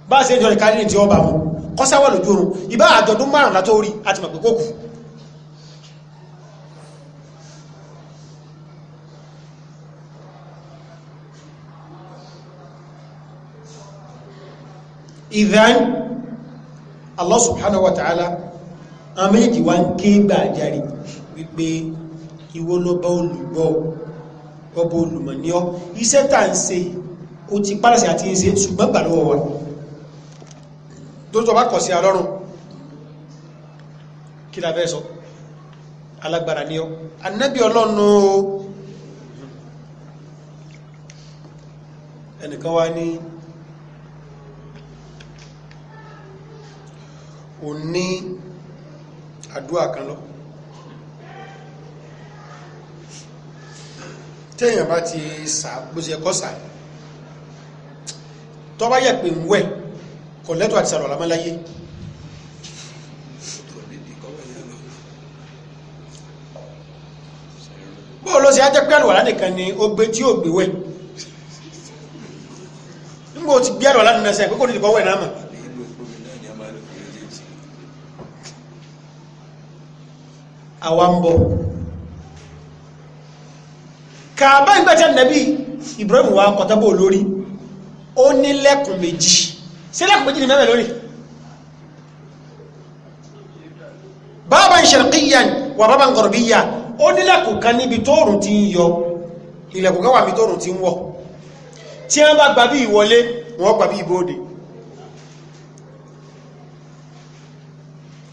bá ṣe jọ ìkárí ní ti ọba mú kọ́sáwà lójú oorun ìbá àjọ̀dún márùn-ún látó rí àti mọ̀ ìdán Allah subhanahu wa ta'ala amẹ́jì wá ń ké gbà járe wípé ìwọ lọ́bọ́ olùgbọ́ ọbọ̀ olùmọ̀ ní ọ iṣẹ́ tà ń ṣe o ti pàrẹsẹ̀ àti ìṣẹ́ ṣùgbọ́n gbà lọ́wọ́ wọn dójọ́ bá kọ̀ sí alọ́rùn kí la fẹ́ sọ alágbára ní ọ anábì ọlọ́nu ẹnìkan wá ní ò ní àdúrà kan lọ tẹ́yìn bá ti sà bó ṣe kọ́ sà tọ́bá yẹ̀ pé ń wẹ̀ kọ̀lẹ́tọ̀ àti sàrọ̀ àlámáláyé bóò ló ṣe á jẹ́ pé àlùwàlá nìkan ni ó gbé tí ó gbé wẹ̀ nígbò tí gbé àlùwàlá nìkan sẹ́ pé ní ìkọ́ wẹ̀ náà mà àwa ń bọ̀ kàbá ìgbẹ́jẹ́ nẹ́bí Ibrahim wa kọ̀tẹ́bọ̀ lórí ó ní méjì sílẹ̀kùn méjì ni mẹ́mẹ́ lónìí bàbá ìṣẹ̀lẹ̀kìyàn wà bàbá ìgọ̀rọ̀bíyà ó nílẹ̀kùn kan níbi tóòrùn ti ń yọ ilẹ̀kùn kan wà bí tóòrùn ti ń wọ̀ tí wọ́n bá gbà bí ìwọlé wọ́n gbà bí ìbóde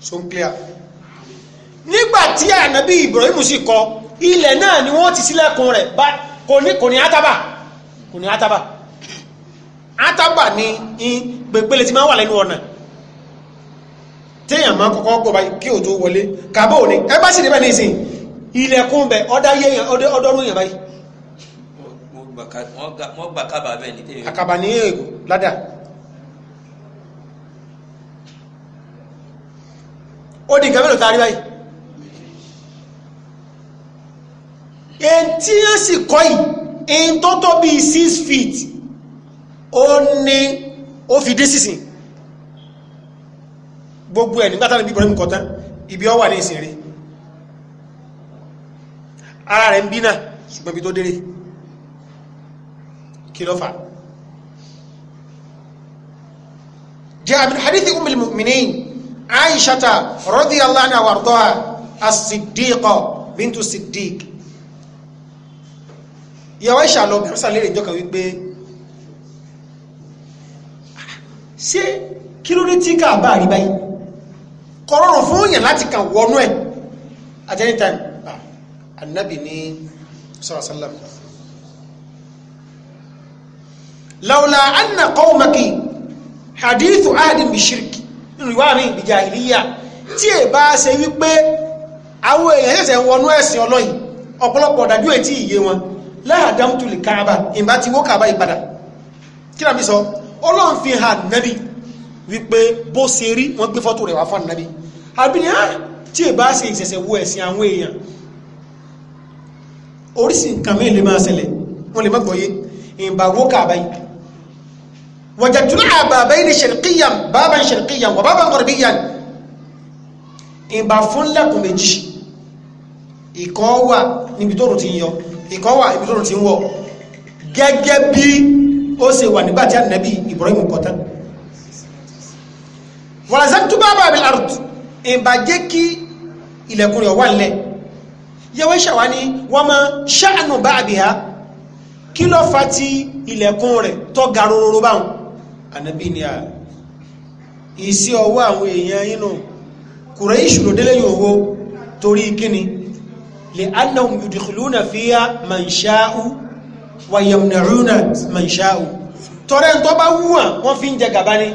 so ń clear nígbàtí ànábí Ibrahim sì kọ ilẹ̀ náà ni wọ́n ti sílẹ̀kùn rẹ̀ kò ní àtàbà kò ní àtàbà àtàbà ni pèpele ti máa wà lẹ́nu ọ̀nà téèyàn máa kọ́kọ́ pọ̀ kí o tó wọlé kàbọ̀ òní ẹ bá sì débẹ̀ ní ìsìn ilẹ̀kùn bẹ̀ ọ̀dá yéèyàn ọdọ́rùn yàn báyìí. wọ́n gbà kábà bẹ́ẹ̀ ní tèmi. àkàbà ní èkó ládàá. ó di nǹkan mélòó tá a rí báyìí. èyí tí yẹn sì kọ́ yìí ó ní ó fi dé sísìn gbogbo ẹ̀ nígbàtà níbi Ibrahim kọtán ibi ọ wà ní ìsìn rí ara rẹ̀ ń bí náà ṣùgbọ́n ibi tó déré kí ló fà jẹ́ àmì hadithi umil mu'minin aishata radiyallahu anha wardoha as-siddiqa bintu siddiq ìyàwó ìṣàlọ́ bí wọ́n sàlẹ̀ ìjọ kan wípé ṣé kí ló ní tí ká bá rí báyìí kọ̀rọ̀rùn fún èèyàn láti kàn wọnú ẹ̀ at any time annabi ah, ní sọ́rọ̀sọ́lọ́m laula anna qawmaki hadithu ahadin bi shirk nínú ìwà mi bi jahiliya tí è bá ṣe wípé àwọn èèyàn ṣẹ̀ṣẹ̀ wọnú ẹ̀sìn ọlọ́yìn ọ̀pọ̀lọpọ̀ ọ̀dájú ètí ìyé wọn láàdámtùlì káàbà ìbá ti wó káàbà ìpadà kí làbí sọ ọlọ́run fi hàn nábì wípé bó ṣe rí wọ́n gbé fọ́tò rẹ̀ wá fún nábì àbíyàn ah, tí ì bá ṣe ìṣẹ̀ṣẹ̀ wo ẹ̀sìn àwọn èèyàn oríṣi nǹkan mẹ́rin lè máa ṣẹlẹ̀ wọ́n lè má gbọ́yé ìbàwó kàbáyé wàjàdúrà bàbáyé ní ṣẹ̀rìkíyàn bàbá ṣẹ̀rìkíyàn wà ó ṣe wà nígbà tí ànábì Ibrahim kọ́ tán wàlásán tó bá bá bí àrùt ìbàjẹ́ kí ilẹ̀kùn rẹ̀ wà nílẹ̀ yẹwé ṣàwá ní wọ́n mọ ṣáànù bá àbí ha kí ló fa ti ilẹ̀kùn rẹ̀ tó ga rororo báwọn ànábì ni a ah, ìsí ọwọ́ àwọn èèyàn inú kùrẹ́ ìṣòro délé yóò wo torí kíni lè annahum yudkhuluna fiha man sha'u wa yamna'una man sha'u tọ́rẹ́ tó bá wúwà wọ́n fi ń jẹ gàbá ní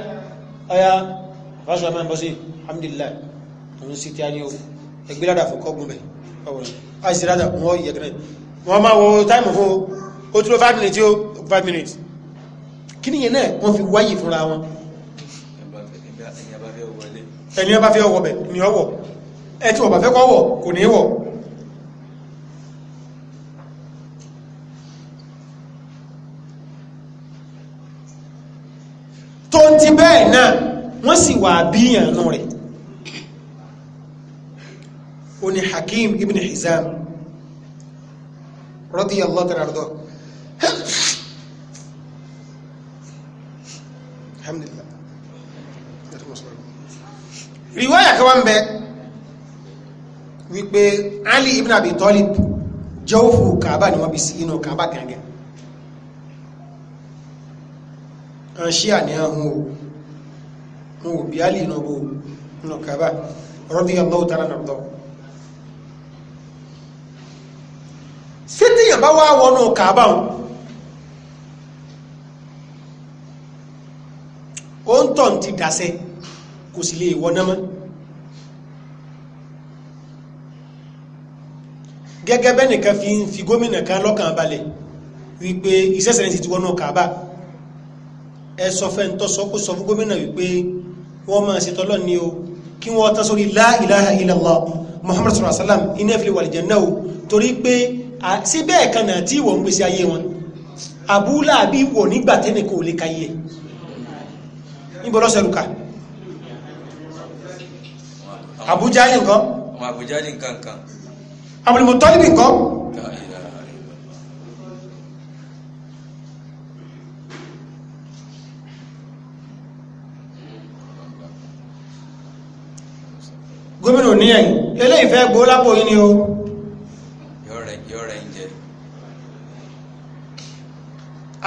ọya fásitì ọmọ ẹ̀bọ́sí alhamdulillah òun sí tí a ní o ẹgbẹ́ ládà fún kọ́gbùn bẹ̀ ọwọ́n àìsí ládà wọ́n yẹ gẹ́rẹ́ wọ́n máa wo táìmù fún o tó 5 minutes yóò 5 minutes kí ni yẹn náà wọ́n fi wáyé fúnra wọn ẹni ọba fẹ́ ọwọ́ bẹ̀ ni ọwọ́ ẹ tí ọba fẹ́ kọ́ wọ̀ kò ní wọ̀ tó ti bẹ́ẹ̀ náà wọ́n sì wà bíyàn nù rẹ̀ ó ní Hakim ibn Hizam radiyallahu ta'ala anhu alhamdulillah riwaya kan wọ́n bẹ wípé Ali ibn Abi Talib jawfu Kaaba ni wọ́n bí sí inú Kaaba gangan an ṣí àníyàn hùn o hùn bí a lè nà bó nà kàbà radiyallahu ta'ala nàbọ̀ sí tíyàn bá wá wọnú kàbà o ń tọ̀ ti dàsẹ́ kò sì lè wọ́n náà gẹ́gẹ́ bẹ́nìkan fi fi gómìnà kan lọ́kàn balẹ̀ wípé ìṣẹ́sẹ̀rẹ̀ ti wọnú kàbà ẹ sọ fẹ́ tó sọ kó sọ fún gómìnà wípé wọ́n máa ṣe tọ́lọ́ ni o kí wọ́n tán sórí la ilaha illallah muhammad sallallahu alaihi wasallam iná ìfìlẹ̀ wal janna o torí pé sí bẹ́ẹ̀ tí ìwọ̀n gbèsè ayé wọn àbúlà àbí ìwọ̀ nígbà tẹ́nì kò lè ka yẹ gómìnà ní ẹ̀yìn eléyìí fẹ́ gbó lápò yín ni o yọ́rẹ̀ ń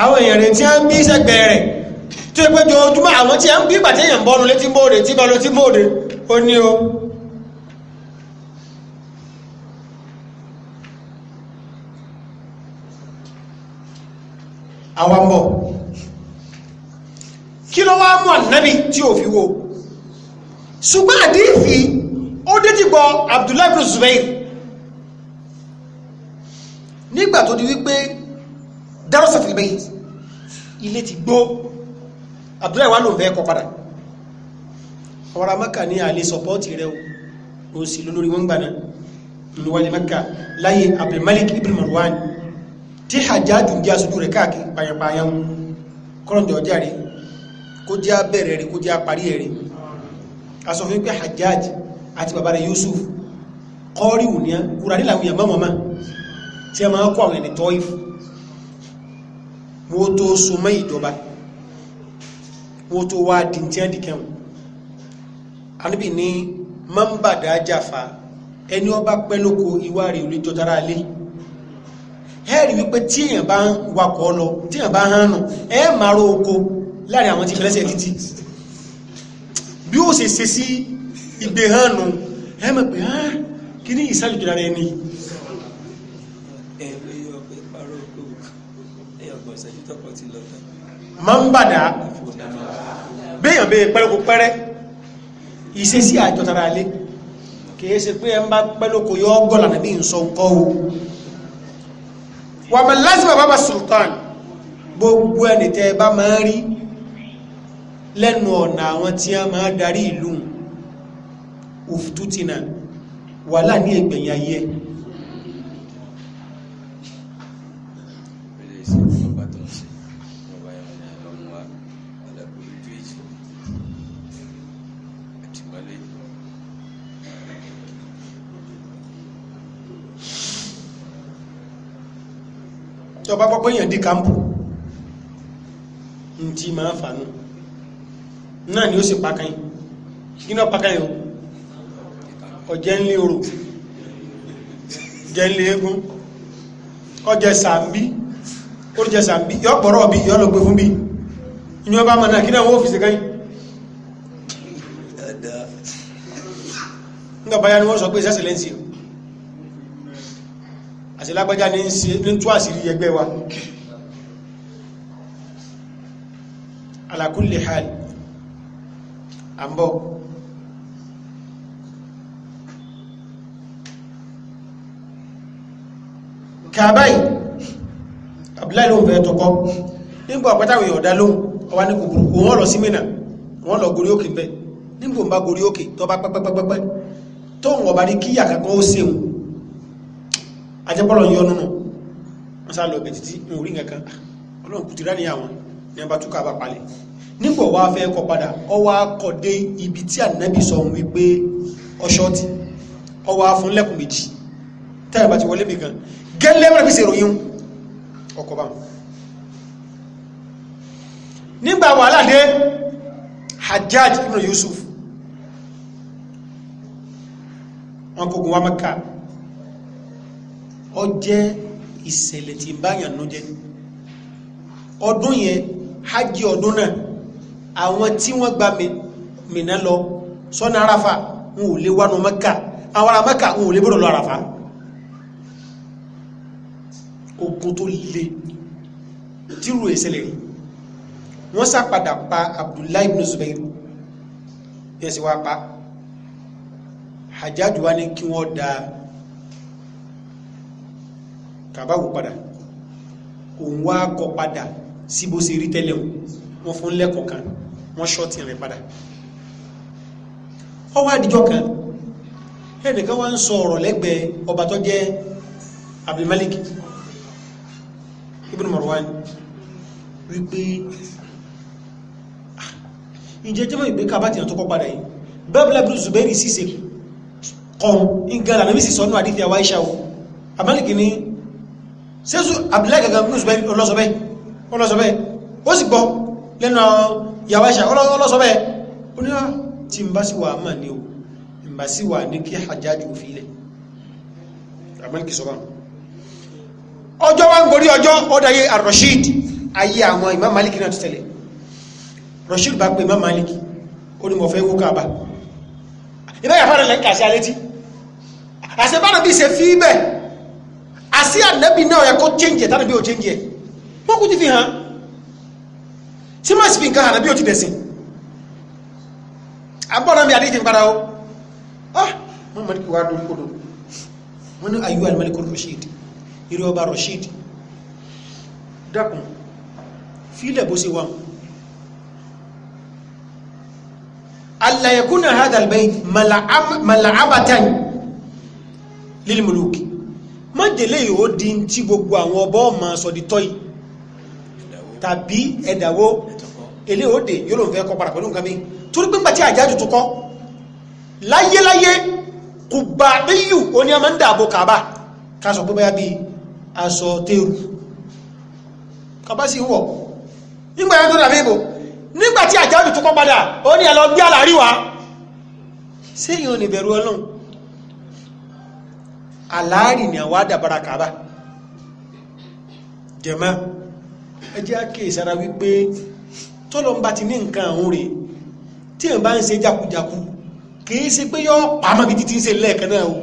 àwọn èèyàn rẹ̀ tí a ń bí sẹ́gbẹ̀ rẹ̀ tó ẹgbẹ́ jọ ojúmọ́ àwọn tí a ń bí ìgbàtí èèyàn bọ́nu létí bóòdè tí bọ́nu tí bóòdè ó ní o àwọn bọ̀ kí ló wá mú ànábì tí ò fi wo ṣùgbọ́n àdífì ó détí gbọ́n Abdullahi bin Zubair nígbà tó di wípé darasa fil bayt ilé ti gbó Abdullahi wà ló fẹ́ kọ padà ọ̀rọ̀ Mẹ́kà ní àlè sọpọ́ọ̀tì rẹ̀ ó sì lólórí wọ́n gbà náà lówálé Mẹ́kà láyé Abdul Malik ibn Marwan tí hajjáàjù ń jẹ́ aṣojú rẹ̀ káàkiri payapayan kọ́rọ̀dẹ̀ kó jẹ́ abẹ́rẹ̀ rẹ̀ kó jẹ́ aparí rẹ̀ àti bàbá rẹ̀ Yusuf kọ́rí òní kúránì làwọn èèyàn mọ́mọ́ mọ́ tí a máa kọ́ àwọn ẹni tọ́ ìfù wọ́n tó so mọ́ ìjọba wọ́n tó wá dìntíà dìkẹ́wọ̀n anábì ní mọ́mbàdà jàfà ẹni ọba pẹ́ lóko ìwà rẹ̀ olè jọ dára lé ẹ̀rí wípé tí èèyàn bá ń wakọ̀ lọ tí èèyàn bá hàn nù ẹ máa ró oko láàrin àwọn tí fẹlẹ́sẹ̀ títí bí ó ṣe ṣe sí ìgbé hàn nù ẹ mọ̀ pé hàn ah, kí ní ìsàlùjù lára ẹni ma ń bàdá béèyàn bèè pẹ́lókò pẹ́rẹ́ ìṣe sí àjọtara alé kìí pé ẹ ń bá pẹ́lókò yọ ọgọ́là nàbí sultan gbogbo ẹni tẹ́ bá máa rí lẹ́nu ọ̀nà àwọn tí a máa darí ìlú òfútútìnà wàhálà ní ẹgbẹ̀yìn ayé tí ọba gbogbo èèyàn dí kàmpù ní tí ma ń fà náà náà ni ó sì pàkàyìn kí náà pàkàyìn ọjẹ́ ńlẹ̀ orò jẹ́ ńlẹ̀ eégún ọjẹ́ sàmbí oríjẹ sàmbí yọ pọ̀rọ̀ bí yọ lọ gbé fún bí inú ọba mọ̀ náà kí náà wọ́n fi sí káyìn nígbà báyá ni wọ́n sọ pé sẹ́sẹ̀lẹ́nsì àṣìlágbájá ní ń tú àṣírí ẹgbẹ́ wa ala kulli hal àmbọ̀ kàbáyì abdullahi lóhun fẹ́ tọkọ nígbà pẹ́tàwé ọ̀dá lóhun ọwá ní kòkòrò wọ́n lọ sí mìnà wọ́n lọ gorí òkè bẹ́ nígbà bá gorí òkè tó bá pẹ́pẹ́pẹ́pẹ́ tó ń wọ̀bá ní kíyà kankan ó sèun ajẹ́bọ́lọ̀ yọ nínú wọ́n sá lọ bẹ̀ títí ń rí nǹkan ọlọ́run kùtìrá ní àwọn ní abá túkà bá palẹ̀ nígbà wá ti wọlé mi kan gẹ́lẹ́ mẹ́rin fi ṣe ìròyìn ọkọ̀ bá nígbà wàhálà dé Hajjaj ibn Yusuf wọn kògùn wa Mẹ́kà ọ jẹ́ ìṣẹ̀lẹ̀ tí báyàn ló jẹ́ ọdún yẹn hajji ọdún náà àwọn tí wọ́n gba Mínà lọ sọ́nà Arafa wọn ò lè wánu Mẹ́kà àwọn ará Mẹ́kà wọn ò lè bọ́dọ̀ lọ Arafa ogun tó le tírú ìṣẹ̀lẹ̀ rí wọ́n sápadà pa Abdullahi ibn Zubair yẹn sì wá pa Hajjaju wá ní kí wọ́n da kàbáwò padà òun wá kọ padà sí bó ṣe rí tẹ́lẹ̀ wọn fún lẹ́kọ̀ọ́ kan wọ́n ṣọ́ọ̀tì rẹ̀ padà ọwọ́ àdíjọ́ kan ẹnìkan wá ń sọ ọ̀rọ̀ lẹ́gbẹ̀ẹ́ ọba tó jẹ́ Abdulmalik Ibn Marwan wípé ìjẹjẹmọ́ ah, ìgbéka bá ti hàn tó kọ́ padà yìí bẹ́ẹ̀bẹ́lẹ̀ bí Zubairi síse kọ̀ọ̀n ìgbàlà náà sì sọ́nà àdífẹ́ àwá iṣẹ́ o àbálìkì ní sẹ́sù àbìlẹ́gàgà bí Zubairi ọlọ́sọ̀bẹ́ ọlọ́sọ̀bẹ́ ó sì gbọ́ lẹ́nu yàwá iṣẹ́ ọlọ́sọ̀bẹ́ ó ní ah, tí ń bá sì wà mà ní o ń bá sì ọjọ́ wa ń gorí ọjọ́ ọdọ̀ ayé àrọ̀ṣíd ayé àwọn Imam Malik náà ti tẹ̀lé Rashid bá pé Imam Malik ó ní mọ̀ fẹ́ wó káàbà ìbẹ́ yàfà rẹ̀ lẹ́kà sí alétí àṣẹbára bí ṣe fi bẹ̀ àṣí ànábì náà yẹ kó change ẹ̀ tánàbí ò change ẹ̀ wọ́n kú ti fi hàn sí máa sì fi nǹkan ànábí ò ti dẹ̀sìn abọ́nà mi àdíjì padà ó ah Imam Malik wà lórí kodò wọ́n ní ayú al-Malik rashid eré ọba Rashid dákun fílẹ̀ bó ṣe wà alayakuna hadal bayt mala'abatan lil muluki má jẹ́lé ìhó di tí gbogbo àwọn ọba ọmọ sọ̀dí tọ́yì tàbí ẹ̀dàwó ilé òde yóò lòun fẹ́ kọ́ padà pẹ̀lú nǹkan mi torí pé gbàtí àjájú tó kọ́ láyéláyé kùbà níyù oní ọmọ ń dààbò kàbà ká sọ pé bóyá bíi aṣọ tẹ́rù kàbásí wọ̀ nígbà yẹn tó dàbí ìbò nígbà tí àjálù tó kọ́ padà ó ní ẹlọ gbé àlàrí wa séyìn òní bẹ̀rù ọlọ́run àlàárì ni àwọn àdàbàrà kàbá jẹ̀mọ́ ẹjẹ́ àkè ìsára wípé tọ́lọ́mbà ti ní nǹkan àwọn rèé tí èèyàn bá ń ṣe jákujáku kìí ṣe pé yọ pàmò bí títí ń ṣe lẹ́ẹ̀kan náà o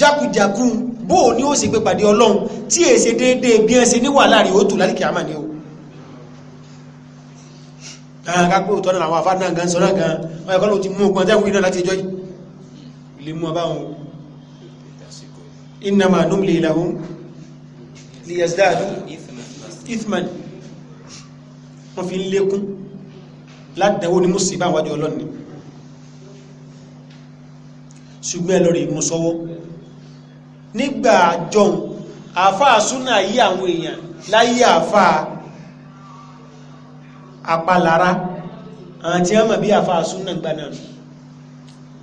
jákujáku bó o ní ó sì gbé pàdé ọlọ́run tí è ṣe déédéé bí ẹ ṣe ní wà láàrin ó tù láti kí a máa ní o kápẹ́ òtọ́ náà wọ́n numli lahum liyazdadu ithman wọ́n fi ń lékún ni ní mùsíbà wájú ọlọ́ni ṣùgbọ́n ẹlọ́rẹ̀ mú sọ́wọ́ nígbà jọun àáfàá súnà yí àwọn èèyàn láyé àáfàá apalára àti ọmọ bí àáfàá súnà gbà náà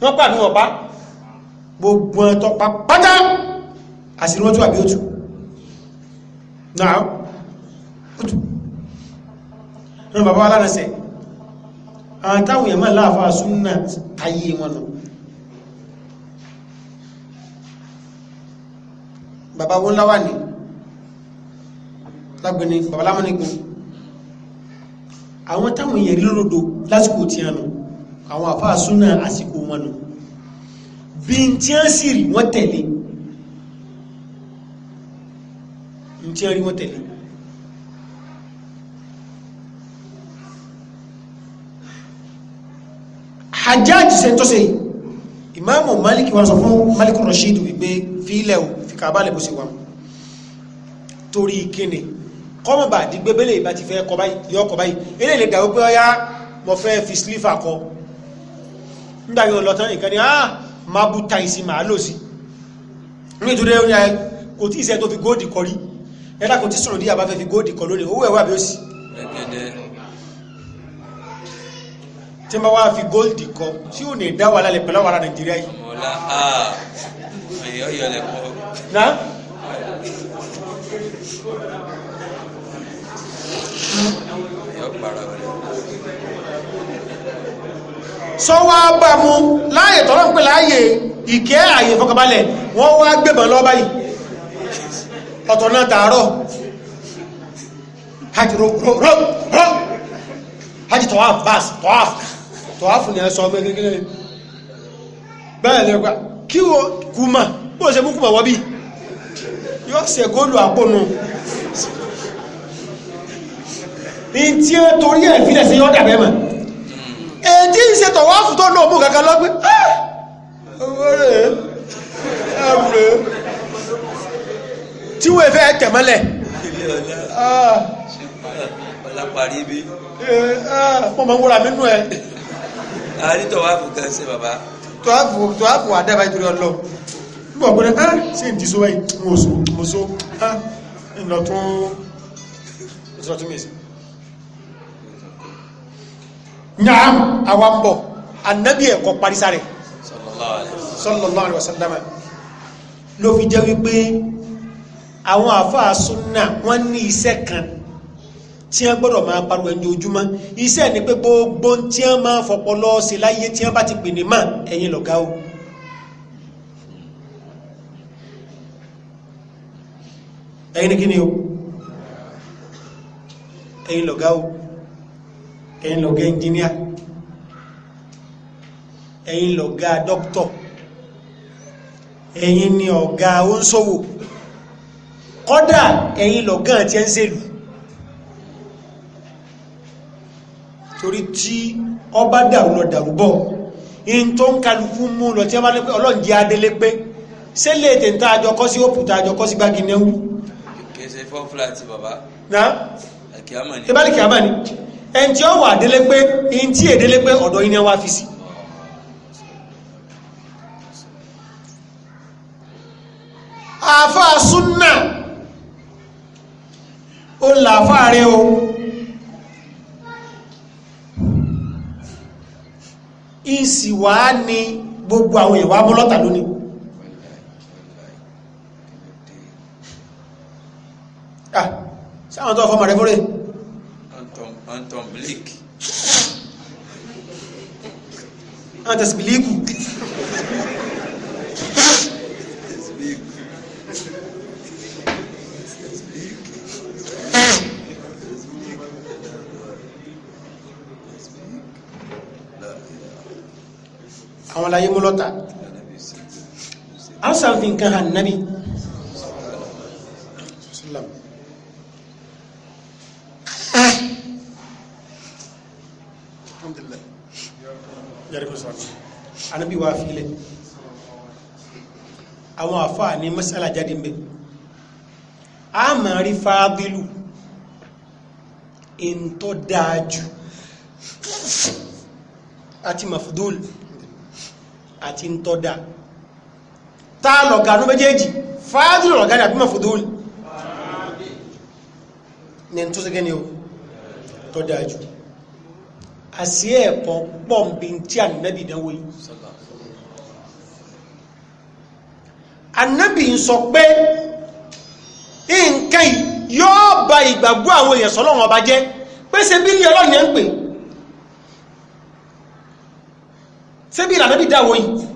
wọ́n pàdé wọ́n pa gbogbo ọ̀tọ́ pa pátá àsìrí wọ́n tó àbí òtù náà òtù náà bàbá aláàrẹsẹ̀ àwọn táwọn èèyàn mọ́ láàfàá súnà ayé wọn náà bàbá wọn láwà ní lágbẹni bàbá lámọ́nigun àwọn táwọn èèyàn lórodò lásìkò tí a nù àwọn àfáà súnà àsìkò wọn nù bí n tí a ń sì rí wọ́n tẹ̀lé n tí sẹ́ntọ́sẹ̀ ìmáàmù malik wọn sọ fún malik rashid wípé fílẹ̀ o kàbálẹ̀ bó sì wà torí kíni kọ́mọ̀bà di gbébélé ìbá ti fẹ́ kọ báyìí yọ kọ báyìí ilé ìlẹ̀ dàgbé pé ọyá mo fẹ́ fi slífà kọ nígbà yóò lọ tán ìkànnì ah máa bu tàìsí màá lò sí nítorí ẹ̀rọ yẹn kò tí ìṣẹ́ tó fi góòdì kọ rí ẹ̀dá kò tí sọ̀rọ̀ díà bá fẹ́ fi góòdì kọ lónìí owó ẹ̀wà bí ó ma wá fi góòdì kọ tí ò ní dá wà lálẹ́ Nàìjíríà yìí. ọ̀la ah, ààyè ọ̀yọ̀lẹ̀ kọ́ Naam. sọ́wọ́ abámu láàyè tọ́lọ́ ń pè láàyè ìkẹ́ àyè fọkàbalẹ̀ wọ́n wá gbẹ̀bọ̀n lọ báyìí ọ̀tọ̀ náà tààrọ̀ hajj ro ro ro ro hajj tọ́wáf bas tọ́wáf tọ́wáf ni ẹ sọ ọmọ kékeré bẹ́ẹ̀ lẹ́gbà kí o kùmà bó ṣe mú kùmà wọ́bí yóò ṣe góòlù àpònú ní tí ó torí ẹ̀ fílẹ̀ sí yọ́dà bẹ́ẹ̀ mọ̀ ètí ìṣe tọ̀wọ́ àfútó náà mú kankan lọ́gbẹ́ ah! tí wọ́n fẹ́ tẹ̀mọ́lẹ̀ ah! ah! mo máa ń wúra mi nù ẹ. àní tọ̀wọ́ àfù kan ṣe bàbá. tọ̀wọ́ àfù àdábàá ìtòrí ọlọ́ọ̀ nígbà ọ̀gbọ́n ẹ́ sí ìdí sọ wáyé mo so ẹ́ ìlọ̀tún ìsọ̀tún mèsì nyaam àwa ń bọ̀ ànábì ẹ̀kọ́ parisa rẹ̀ sallallahu alaihi wasallam ló fi jẹ́ wípé àwọn àfáà súnà wọ́n ní iṣẹ́ kan tí wọ́n gbọ́dọ̀ máa pariwo ẹni ojúmọ́ iṣẹ́ ni pé gbogbo tí a máa fọpọlọ ṣe láyé tí wọ́n bá ti pè ní mà ẹ̀yin lọ̀gá o. ẹ̀yin ni kí ni o ẹ̀yin lọ̀gá o ẹ̀yin lọ̀gá ẹnjíníà ẹ̀yin lọ̀gá dọ́kítọ̀ ẹ̀yin ni ọ̀gá oúnṣòwò kọ́dà ẹ̀yin lọ̀gá tí ẹ ń ṣèlú torí tí ọba dàrú lọ dàrú bọ̀ in tó ń kálukú mú lọ tí ọba ní pé ọlọ́run jẹ́ sẹ́lẹ̀ tẹ̀ àjọkọ́ sí òpùtà àjọkọ́ sí gbági náà ṣe fọ́fúlà ti bàbá. na àkíyàmà ni. ìbálẹ̀ kíyàmà ni ẹni tí ó wà délé pé ẹni tí èdélé pé ọ̀dọ̀ yín ni wá fi sí. àfáà súnà ó là rẹ o. ìsì ni gbogbo àwọn ìwà bọ́lọ́tà lónìí. sáwọn tó fọmọ rẹ fúnrẹ́ anton blake antas biliku àwọn láyé mọ́lọ́ta a sàfin kan hàn nábi anábì wa filẹ̀ àwọn àfáà ní mọ́sálà jáde ń bẹ a máa rí fábílù in tó dáájú àti mafudul àti in tó dáa tá a lọ̀gá ní méjèèjì fábílù lọ̀gá ní àbí mafudul ní tó sẹ́gẹ́ ni ó tó dáájú àsí ẹ̀kọ́ pọ̀ ń bí tí ànábì dánwò yìí ànábì ń sọ pé nǹkan yóò ba ìgbàgbọ́ àwọn èèyàn sọ́lọ́run ọba jẹ́ pé ṣe bí ní ọlọ́run yẹn ń pè ṣe bí ìlànà bí dáwọ́ yìí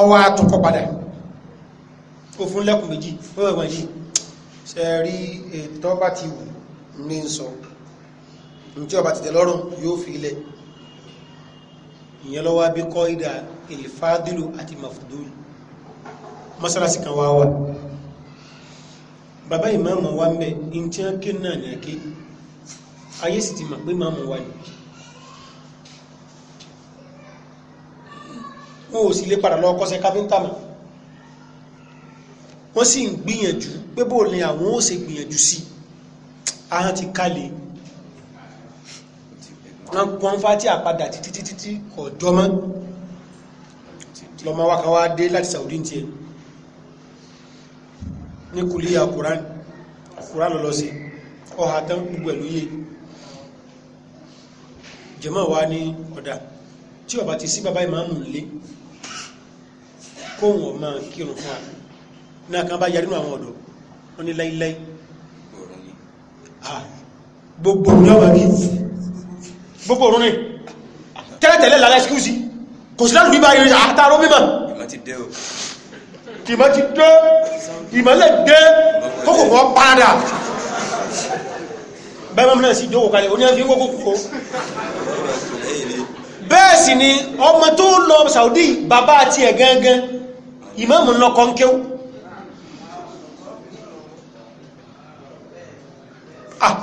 ọwọ́ àtúnkọ padà òfin lẹ́kùn méjì wọ́n wọ́n yìí ṣe rí ètò bá ti wù ní sọ ní tí ọba ti tẹ́lọ́rùn yóò fi ilẹ̀ ìyẹn lọ́wọ́ bí kọ́ ìdá ìlfàdìlù àti mafudulu mọ́sálásí kan wá bàbá ìmáàmù wa mẹ́ in tí a kí náà ní àké ayé sì ti mà pé máàmù wa ní wọ́n ò sì lè padà lọ káfíńtà mọ́ wọ́n sì ń gbìyànjú pé bó ni àwọn ó ṣe gbìyànjú sí ahọ́n ti kalẹ̀ wọ́n pọ́n fátí àpadà títí títí tí ọjọ́ mọ́ lọ́mọ wákan wá dé láti Saudi tiẹ̀ ní kùlíyà Kùránì Kùránì lọ́lọ́ sí ọha tán gbogbo ẹ̀lú yé jẹ́mọ́ wá ní ọ̀dà tí ó ti sí bàbá ìmáàmù lé kóhùn ọmọ kírun fún wa náà kan bá yarí nù àwọn ọ̀dọ́ wọn ah, ni láíláí gbogbo òun yọ́ wàbí gbogbo òun ni tẹ́lẹ̀tẹ́lẹ̀ lára ẹ̀ṣíkúsí kò sí láti bíbá ìrìn àtàrọ mímọ̀ ìmọ̀ ti dé ìmọ̀lẹ̀ dé kókò kọ́ padà bẹ́ẹ̀ mọ́mọ́ náà sì dókò kalẹ̀ oní ẹ̀fí kókò bẹ́ẹ̀ sì ni ọmọ tó lọ Saudi bàbá àti ẹ̀ gangan ìmọ̀ mọ̀ lọ kọ́ńkéwò Ah.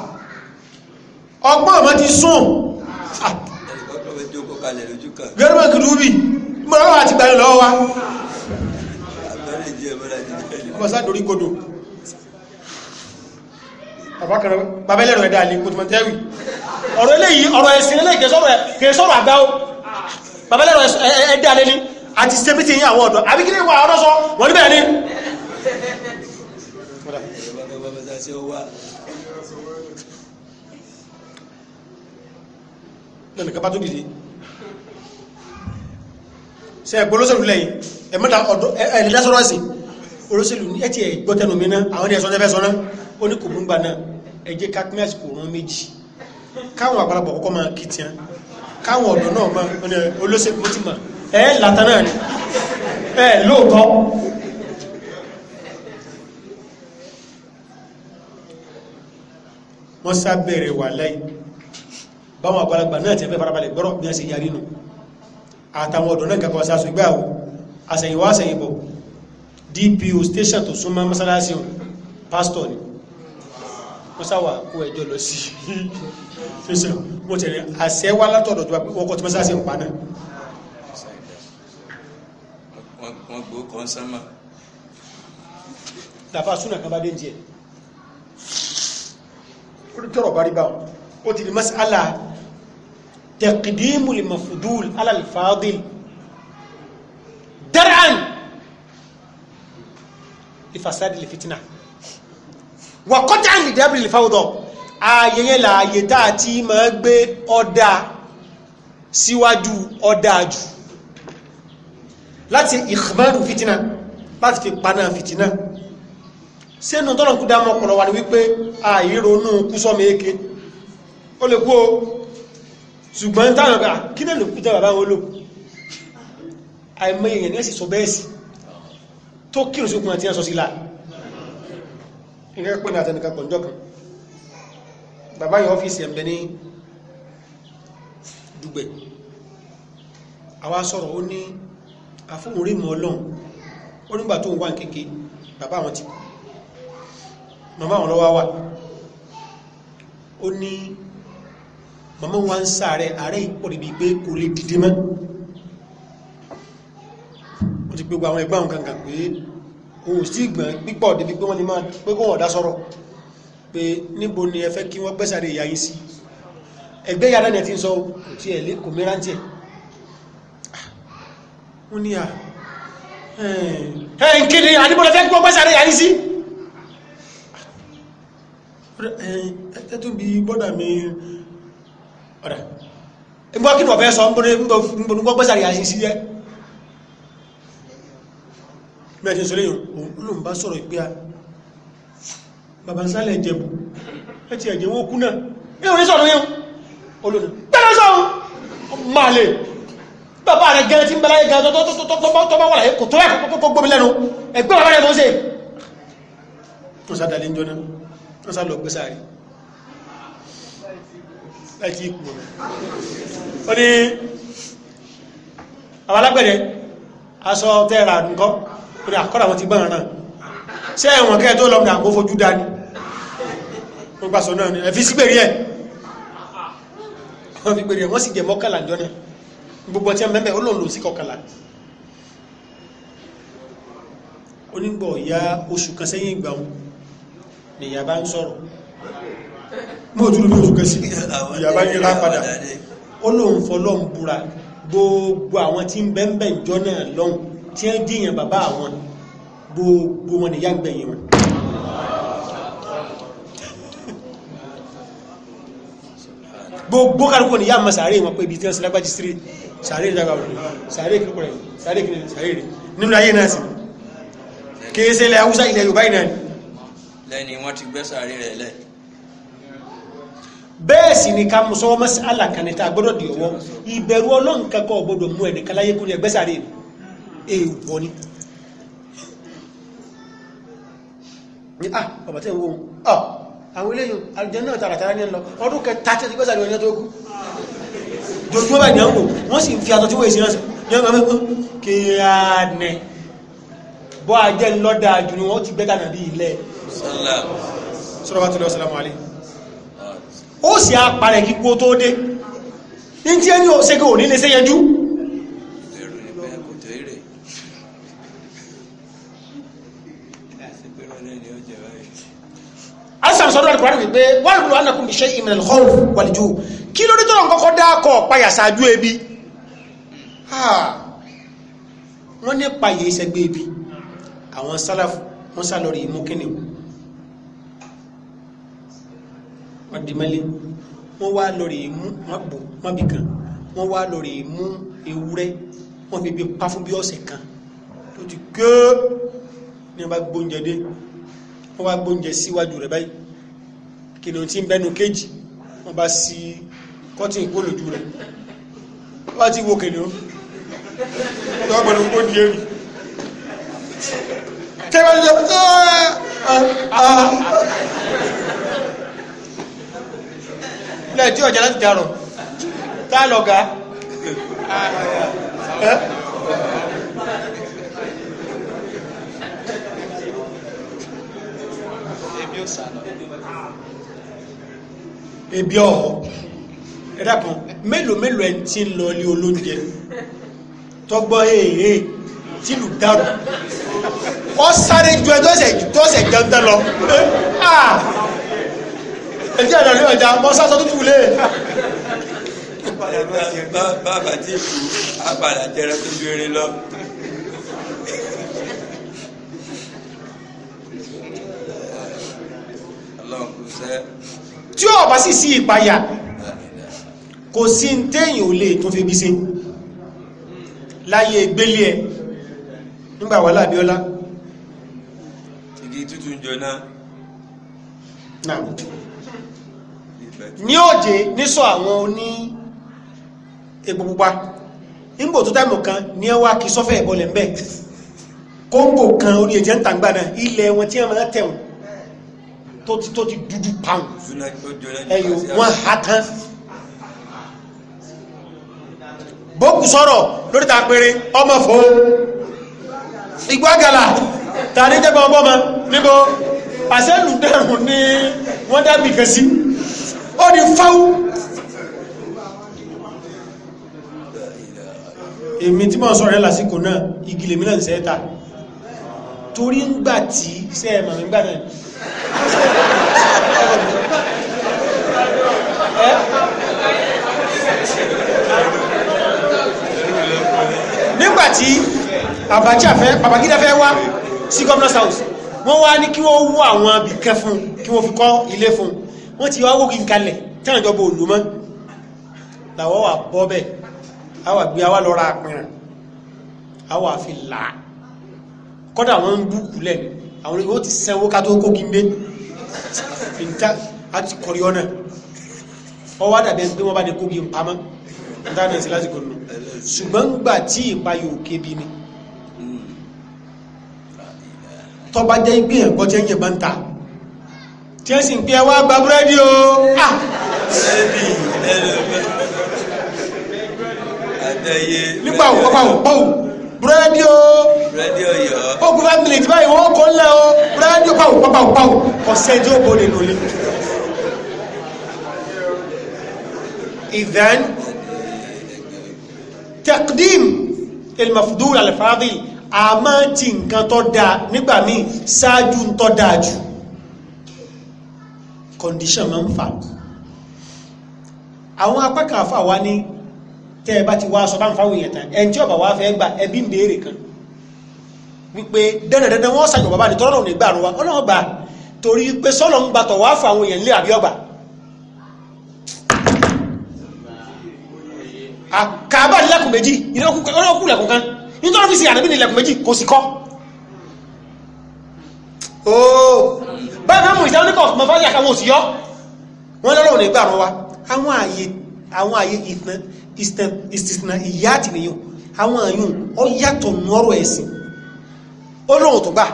ọgbọ́n ọmọ ti sùn ah. gẹ́rùmọ̀ kìdúbì mọ́ra wà ti gbàlẹ̀ lọ́wọ́ wa ọmọ sáà dorí kodò babẹ́lẹ̀rọ̀ ẹ̀dà àlè kòtùmọ̀tẹ́wì ọ̀rọ̀ eléyìí ọ̀rọ̀ ẹ̀sìn eléyìí kẹsọ́rọ̀ àgbá ó babẹ́lẹ̀rọ̀ ẹ̀dà àlè ni àti sẹ́mítì yí àwọn ọ̀dọ̀ àbíkílẹ̀ wà ọ̀rọ̀ sọ wọ́n níbẹ̀ ni lẹ́nu kaba tó dìde ṣe ẹ̀gbọ́ olóṣèlú lẹ́yìn ẹ̀mẹ́ta ọ̀dọ́ ẹ̀lẹ́dá sọ́rọ̀ ẹ̀sìn olóṣèlú ní ẹ̀tì ẹ̀gbọ́ tẹnu mi náà àwọn ẹ̀sọ́ tẹ́fẹ́ sọ́nà ó ní kò mú gbà náà ẹ̀jẹ̀ kakmes kò rán méjì káwọn àgbàlagbọ̀ kọ́kọ́ máa kìtìyàn káwọn ọ̀dọ́ náà máa olóṣèlú mo ti mà ẹ̀ látà náà ni ẹ̀ wọ́n sá bẹ̀rẹ̀ wà láì báwọn àgbàlagbà náà ti fẹ́ farabalẹ̀ gbọ́rọ̀ bí wọ́n sì yarí nù àtàwọn ọ̀dọ́ náà kankan sáà ṣùgbà o àṣẹ̀yìnwá àṣẹ̀yìnbọ̀ DPO station tó súnmọ́ mọ́sálásí o pásítọ̀ ni wọ́n sáwà kó ẹjọ́ lọ sí fẹsẹ̀ wọ́n tẹ̀lé àṣẹ wá látọ̀dọ̀ tó wọ́n kọ́ tí mọ́sálásí ń pa náà. wọ́n gbó kọ́ńsámà. làbá súnà kan bá dé ń tọ́rọ̀ bá rí bá wọn ó ti di masala taqdimul mafudul alal fadil dar'an ifasadi li fitna wa qat'an li dabri li fawda ayẹyẹ láàyè tá a ti máa gbé ọ̀dà síwájú ọ̀dà jù láti ikhbaru fitna láti fi paná fitna sínú tọ́lọ̀ kú dámọ́ ọ̀pọ̀lọ̀ wà ní wípé àìrónú kú sọ́mọ̀ èké ó lè kú o ṣùgbọ́n táwọn ọ̀gá kí náà lè kú tẹ́wà báwọn olóòkú àìmọye èèyàn ẹ̀sì sọ bẹ́ẹ̀ sí tó kírù sí okùnrin àti ẹ̀sọ́ sí láà nǹkan pẹ́ ní àtẹnìkan ń wá bàbá àwọn ti kú màmá àwọn lọ́wọ́ wà ó ní màmá wọn ń sàárẹ̀ àárẹ̀ ìpọ̀ níbi pé kò lè dìde mọ́ wọ́n ti gbogbo àwọn ẹgbẹ́ àwọn kankan pé òun sí ìgbọ̀n pípọ̀ débi pé wọ́n ni máa pé kó wọ́n dá sọ́rọ̀ pé níbo ni ẹ fẹ́ kí wọ́n gbẹ́sàdé ìyá sí ẹgbẹ́ yàrá ni ẹ ti ń sọ kò tí ẹ lé kò mìíràn tiẹ̀ wọ́n ni à ẹ̀ ń kéde àdìbò lọ kí wọ́n gbẹ́sàdé ìyá sí ẹ̀tún bí bọ́dà mi ọ̀dà ìgbọ́ kí nọ̀ fẹ́ sọ mbọ̀nùgbọ́ gbọ́sàrí àṣì sí jẹ́ mẹ́rin sọ léyìn olùn bá sọ̀rọ̀ ìpé a bàbá sálẹ̀ jẹ̀bù ẹ̀tì ẹ̀jẹ̀ wọ́n kú náà yíò ní sọ̀rọ̀ yíò olùn tẹ́lẹ̀ sọ̀rọ̀ máa lè bàbá rẹ̀ gẹ́rẹ́ tí ń bẹ̀láyé gẹ́rẹ́ tọ́bá wà láyé kò tó ẹ̀kọ́ gbómi lẹ́nu ẹgbẹ́ bàbá rẹ̀ tó ń ṣe tó sádàlé ń jọ náà wọ́n sá lọ gbé sáré láti ikú rẹ̀ ó ní àwọn alágbẹ̀rẹ̀ aṣọ tẹ́ra nǹkan ó ní àkọ́dà wọn ti gbọ́n náà ṣé ẹ̀wọ̀n kẹ́ tó lọ́mọdé àgbó fojú dání wọ́n gbàṣọ náà ni ẹ̀fí sí pèrè ẹ̀ wọ́n fi pèrè ẹ̀ wọ́n sì jẹ mọ́kànlá jọ gbogbo ọtí ẹ̀mẹ́mẹ́ ó lòun lò sí kọkànlá onígbọ̀ ya oṣù kan sẹ́yìn ìgbà wọn ni ìyá bá ń sọ̀rọ̀ mọ́ òtúrú bí oṣù kẹsí ìyá bá yẹra padà ó lóun fọlọ́n búra gbogbo àwọn tí ń bẹ́ńbẹ̀ jọ náà lọ́hùn tí ń dìyàn bàbá àwọn gbogbo wọn nìyá ń gbẹ̀yìn wọn gbogbo kálukú ni yá ma sàárè wọn pé ibi tí wọ́n sí lágbàjí sírí sàárè ìdágbà wọn sàárè kìlúkù rẹ̀ sàárè kìlúkù rẹ̀ nínú ayé náà sí kéèsè ilẹ̀ haúsá ilẹ̀ yorùbá ìnáà lẹ́ni wọ́n ti gbẹ́sàárì rẹ̀ lẹ̀. bẹ́ẹ̀ sì ni ká mú sọ́wọ́ mọ́sí alákanita gbọ́dọ̀ di ọwọ́ ìbẹ̀rù ọlọ́run kankan gbọ́dọ̀ mú ẹnìkan láyé kúrò ẹgbẹ́sàárì rẹ̀ èèwọ̀ ni. ah bàbá tẹ̀ ń wo ah àwọn eléyìí àlùjànnà náà tààràtàrà ní ẹ̀ lọ ọdún kẹta tẹ́tí gbẹ́sàárì rẹ̀ ní ọjọ́ ogun jojúmọ́ bá ìdánwò wọ́n sì fi àtọ́jú wọ́n ìsinmi ní ọmọ mẹ́kún kí a nẹ bọ́ ajẹ́ ńlọ́dà jù ni wọ́n ti gbẹ́ta nàbí ilẹ̀ sọ́rọ̀wá tó lọ sọ́lọ́mù alẹ́ ó sì á parẹ̀ kíkó tó dé ní tí ẹni òṣèké ò nílé séyẹjú asan sọ́dọ̀ alìkùnrin wípé wọ́n rúrú anakun bí ṣe ìmìnà lọ́rù wàlìjú kí lórí tọ́rọ kọ́kọ́ dákọ̀ payà sáájú ebi wọ́n ní payà ìṣẹ́gbé ebi àwọn sálàfù wọ́n sálọrí ìmúkínìwò ọ̀dìmọ́lé wọ́n wá lórí mú wọ́n bò wọ́n bì kan wọ́n wá lórí mú ewúrẹ́ wọ́n fi bí pa fún bí ọ̀sẹ̀ kan tó ti ké ní wọ́n bá gbóúnjẹ dé wọ́n wá gbóúnjẹ síwájú rẹ̀ báyìí kìnìún tí ń bẹnu kéjì wọ́n bá sí kọ́tì ìgbólójú rẹ̀ wọ́n bá ti wo kìnìún tó wọ́n gbọ́dọ̀ gbó di èrì kẹwàá ló jẹ́ ah, ah, ah lẹ́ẹ̀ tí ọjà láti darọ̀ tá a lọ̀gá. ebi ọ̀họ́ ẹ dàpọ̀ mélòó mélòó ẹ ti ń lọ ilé olóúnjẹ tọgbọ́ èèyè eh, eh, tìlù dàrú ọ sáré ju ẹ tó ṣe tó ṣe lọ. Ah! ẹ̀jẹ̀ rẹ̀ rí ọjà mọ́ sásọ tó túlé. bàbá tí kú abàlà jẹrẹ tó ju eré lọ. tí ó bá sì sí ìpayà kò sí ń téèyàn ò lè tó fi bí ṣe láyé gbélé ẹ nígbà wà lábíọ́lá ìdí tútù jọ náà náà ní òjè nísọ àwọn oní epo pupa tó táìmù kan ní ẹwà kí sọ́fẹ̀ ìbọlẹ̀ ńbẹ̀ kóńgò kan orí ẹ̀jẹ̀ ń náà ilẹ̀ wọn tí wọ́n máa tẹ̀wọ̀n tó ti tó ti dúdú pàùn ẹ̀yọ̀ wọn ha tán bókù lórí ta péré ọmọ fò níbo ni dábì ó di fáwú èmi tí mọ́ sọ rẹ̀ lásìkò náà igile mílẹ̀ sẹ́ta torí ń gbà tí sẹ́ ẹ̀mà mi gbà náà nígbàtí Abacha fẹ́ Babangida fẹ́ wá sí governor's house wọ́n wá ní kí wọ́n wú àwọn abìkẹ́ fún kí wọ́n fi kọ́ ilé fún wọ́n ti wá wókí kalẹ̀ tán ìjọba òlù mọ́ làwọ́ wà bọ́ bẹ́ẹ̀ a wà gbé awá lọ́ra àpìnrìn a wà fi là á kọ́dà wọ́n ń dúkù lẹ̀ àwọn yóò ti sẹ́wó ká tó kó kí n dé fìntá a ti kọrí ọ́nà ọwọ́ àdàbẹ̀ pé wọ́n bá ní kó pamọ́ dáná sí lásìkò ṣùgbọ́n gbà tí ìpayò kébi ni tọ́ba jẹ́ gbìyànjọ́ bá ń ta tí ẹ sì ń pè ẹ wá gba búrẹ́dì o. nígbà wo bá wò pọ́wò búrẹ́dì o. búrẹ́dì o yọ. ó gbé five minutes báyìí wọ́n kọ́ ńlẹ̀ o búrẹ́dì o pàwò pàwò pàwò ọ̀sẹ̀ tí ó bọ̀ nínú ìdán taqdim al-mafdul al-fadil àmọ́ nǹkan tó dáa nígbà míì ṣáájú ń tó dáa jù condition máa ń fà àwọn apákan àfà wa ní tẹ́ ẹ bá ti wá aṣọ bá ń fáwọn èèyàn tán ẹn tí ọba wa fẹ́ gba ẹbí ń béèrè kan wípé dandandandan wọ́n sàgbọ̀n bàbá ní tọ́lọ́run ní gbàrún wa ọlọ́run torí pé sọ́lọ́ ń gbàtọ̀ wá fún àwọn èèyàn lé àbí ọgbà àkàbà nílẹ̀kùn méjì ìlẹ́kùn kan nítorí ọ́fíìsì àdébí nílẹ̀kùn méjì kò sì kọ́ ooo báyìí máa mú ìṣẹ́ oníkọ̀ ọ̀sùn mọ́fà yàkà wọn ò sì yọ wọn lọ́rọ̀ ní gbàrún wa àwọn àyè àwọn àyè ìsìnà ìyá àtìníyàn àwọn àyùn ọ yàtọ̀ nọ́rọ̀ ẹ̀sìn olóhùn tó gbà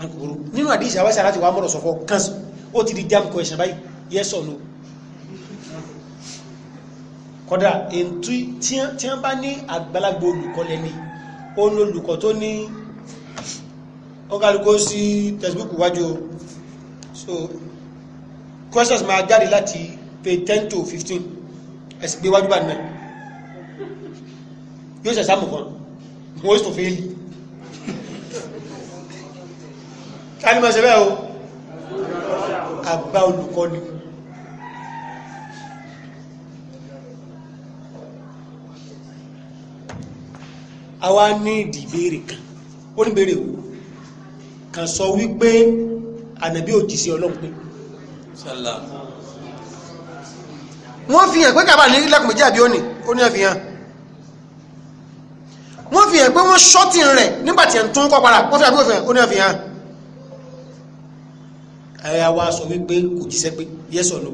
alukoro nínú àdé ìṣàwá ṣe aláti wà mọ́rọ̀ sọ̀fọ́ kan ó ti di jam question báyìí yes or no kódà èntú tí wọ́n bá ní àgbàlagbà olùkọ́ lẹ́ni olùkọ́ tó ní ọkàlùkó sí textbook wájú o so questions máa jáde láti page ten to fifteen ẹ̀sìn gbé wájú bá nìyẹn yóò ṣe sáàmù kan mo ń sọ fún yìí ká ní máa o àbá olùkọ́ ni. àwa ní ìdí ìbéèrè kan ó ní béèrè o kàn sọ wípé ànàbí ò jìsí ọlọ́pẹ́ wọ́n fi hàn pé kàbà ní lẹ́kùn méjì àbí òní òní ẹ̀ fi wọ́n fi hàn pé wọ́n ṣọ́tì rẹ̀ nígbàtí ẹ̀ ń tún kọ́ padà wọ́n fi hàn pé òní ẹ̀ fi ẹ̀yà wa sọ wípé kò jíṣẹ́ pé yes or no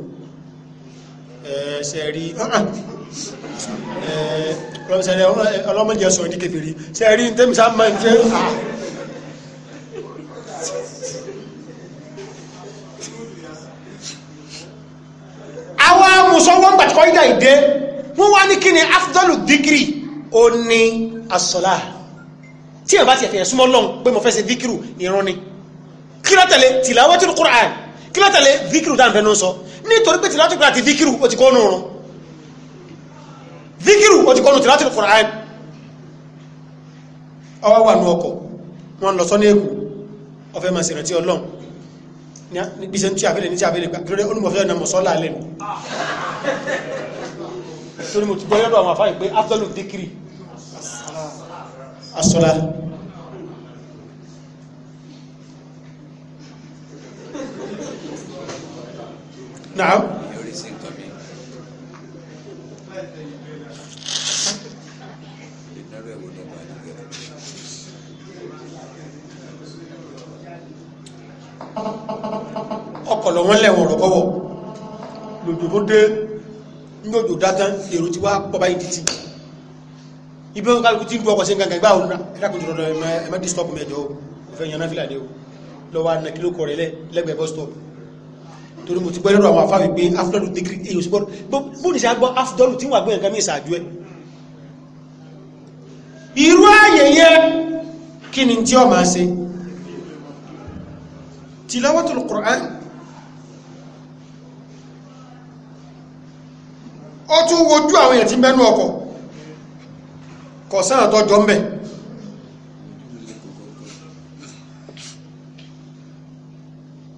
ṣe rí ọlọ́mọdé ọ̀sán ìdíkẹfẹ̀rí ṣe rí tẹ́mísà máa ń jẹ́ ah. mú sọ́wọ́ ń gbàtíkọ́ ìdá ìdé wọ́n wá ní kí ni afdalu dikiri ó ní asọ́lá tí ẹ̀ bá ti ẹ̀fẹ̀yẹ̀ súnmọ́ lọ́n pé mo fẹ́ ṣe dikiru ìrun ni kí ló tẹ̀lé tìlàwọ́tún Qur'an kí ló tẹ̀lé dikiru dáńfẹ́ ló ń sọ nítorí pé tìlàwọ́tún Qur'an ti dikiru ó ti kọ́ nù rún dikiru ó ti Qur'an ọwọ́ wà nù ọkọ̀ wọn lọ sọ ní èkó ọfẹ́ bí ṣe ń tí àfẹ́lẹ̀ ní tí àfẹ́lẹ̀ gbàgbẹ́rẹ́ olùmọ̀fẹ́ ọ̀nà mọ̀sọ́lá lẹ́nu torí mo ti gbọ́ yọ́dọ̀ àwọn àfáì pé afdọ́lù díkìrì asọ́lá náà wọ́n lẹ̀wọ̀n rọ̀kọ́wọ̀ lòdò tó dé ní òjò dátán èrò tí wá pọ̀bá yìí títí ibi wọn kálukú tí ń du ọkọ̀ sí nǹkan ìgbà òun ẹ̀dàkùn jùlọ lọ ẹ̀mẹ́ distop mẹ́jọ òfin lọ́wọ́ àna kí stop torí mo ti gbọ́ lọ́dọ̀ àwọn afá wípé afdọ́lù dikiri èyí òsì bọ́ọ̀lù bó ní sàgbọ́ Qur'an ó tún wojú àwọn èèyàn tí mẹ́nu ọkọ̀ kọ̀sán àtọ́jọ́ mẹ́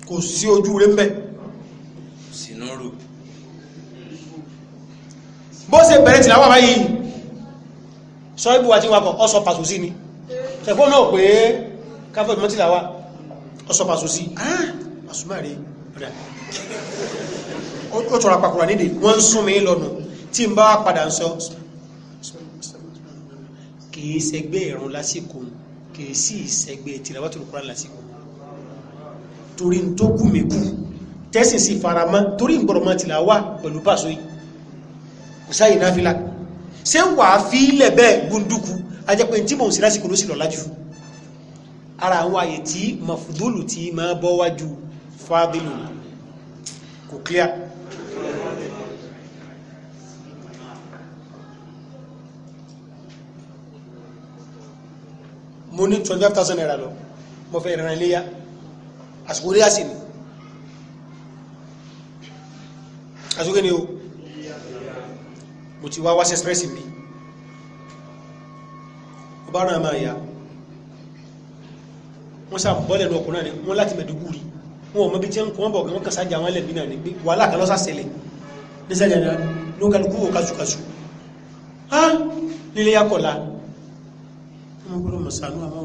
kò sí ojú rẹ̀ mẹ́ sinúrù bó ṣe bẹ̀rẹ̀ tí láwọ́ báyìí sọ ibù àti wakọ̀ ọsọ pàṣù sí ni ṣẹ̀fọ́ náà pé káfẹ́ ìmọ́tí làwà ọsọ pàṣù sí ah àṣùmá rẹ̀ rẹ̀ ó tọrọ àpapọ̀ nídìí wọ́n ń sún mi lọ́nu tí n bá padà ń sọ kìí ṣẹgbẹ́ ìrún lásìkò kìí sì ṣẹgbẹ́ tìlàwátò lùkúrà lásìkò torí n tó kú mi kú tẹ́sìn sì fara mọ́ torí n gbọ́dọ̀ mọ́ tìlàwá pẹ̀lú pàṣọ yìí kò sáyìn náà fi la ṣé wàá fi ilẹ̀ bẹ́ẹ̀ gbunduku ajẹ́pẹ́ tí mò ń ṣe lásìkò ló sì lọ lájú ara àwọn àyè tí mafudulu tí máa bọ́ wájú fadilu kò clear mo ní twenty five thousand naira lọ mo fẹ́ ìrìnrìn iléyà àsìkò iléyà sì ni àsìkò ni o mo ti wá wá sí express mi mo bá ràn máa yá wọ́n sá bọ́ọ̀lẹ̀ ní ọkùnrin náà wọ́n láti Maiduguri wọn ò mọ́bí tí ń kọ́ wọ́n bọ̀ wọ́n kàn sáájà wọn lẹ̀bí náà ní pé wàhálà kan lọ́sà ṣẹlẹ̀ ní sáájà náà ló kálukú wò kásùkásù á nílé yá kọ̀lá wọ́n gbọ́dọ̀ mọ̀ sànú àmọ́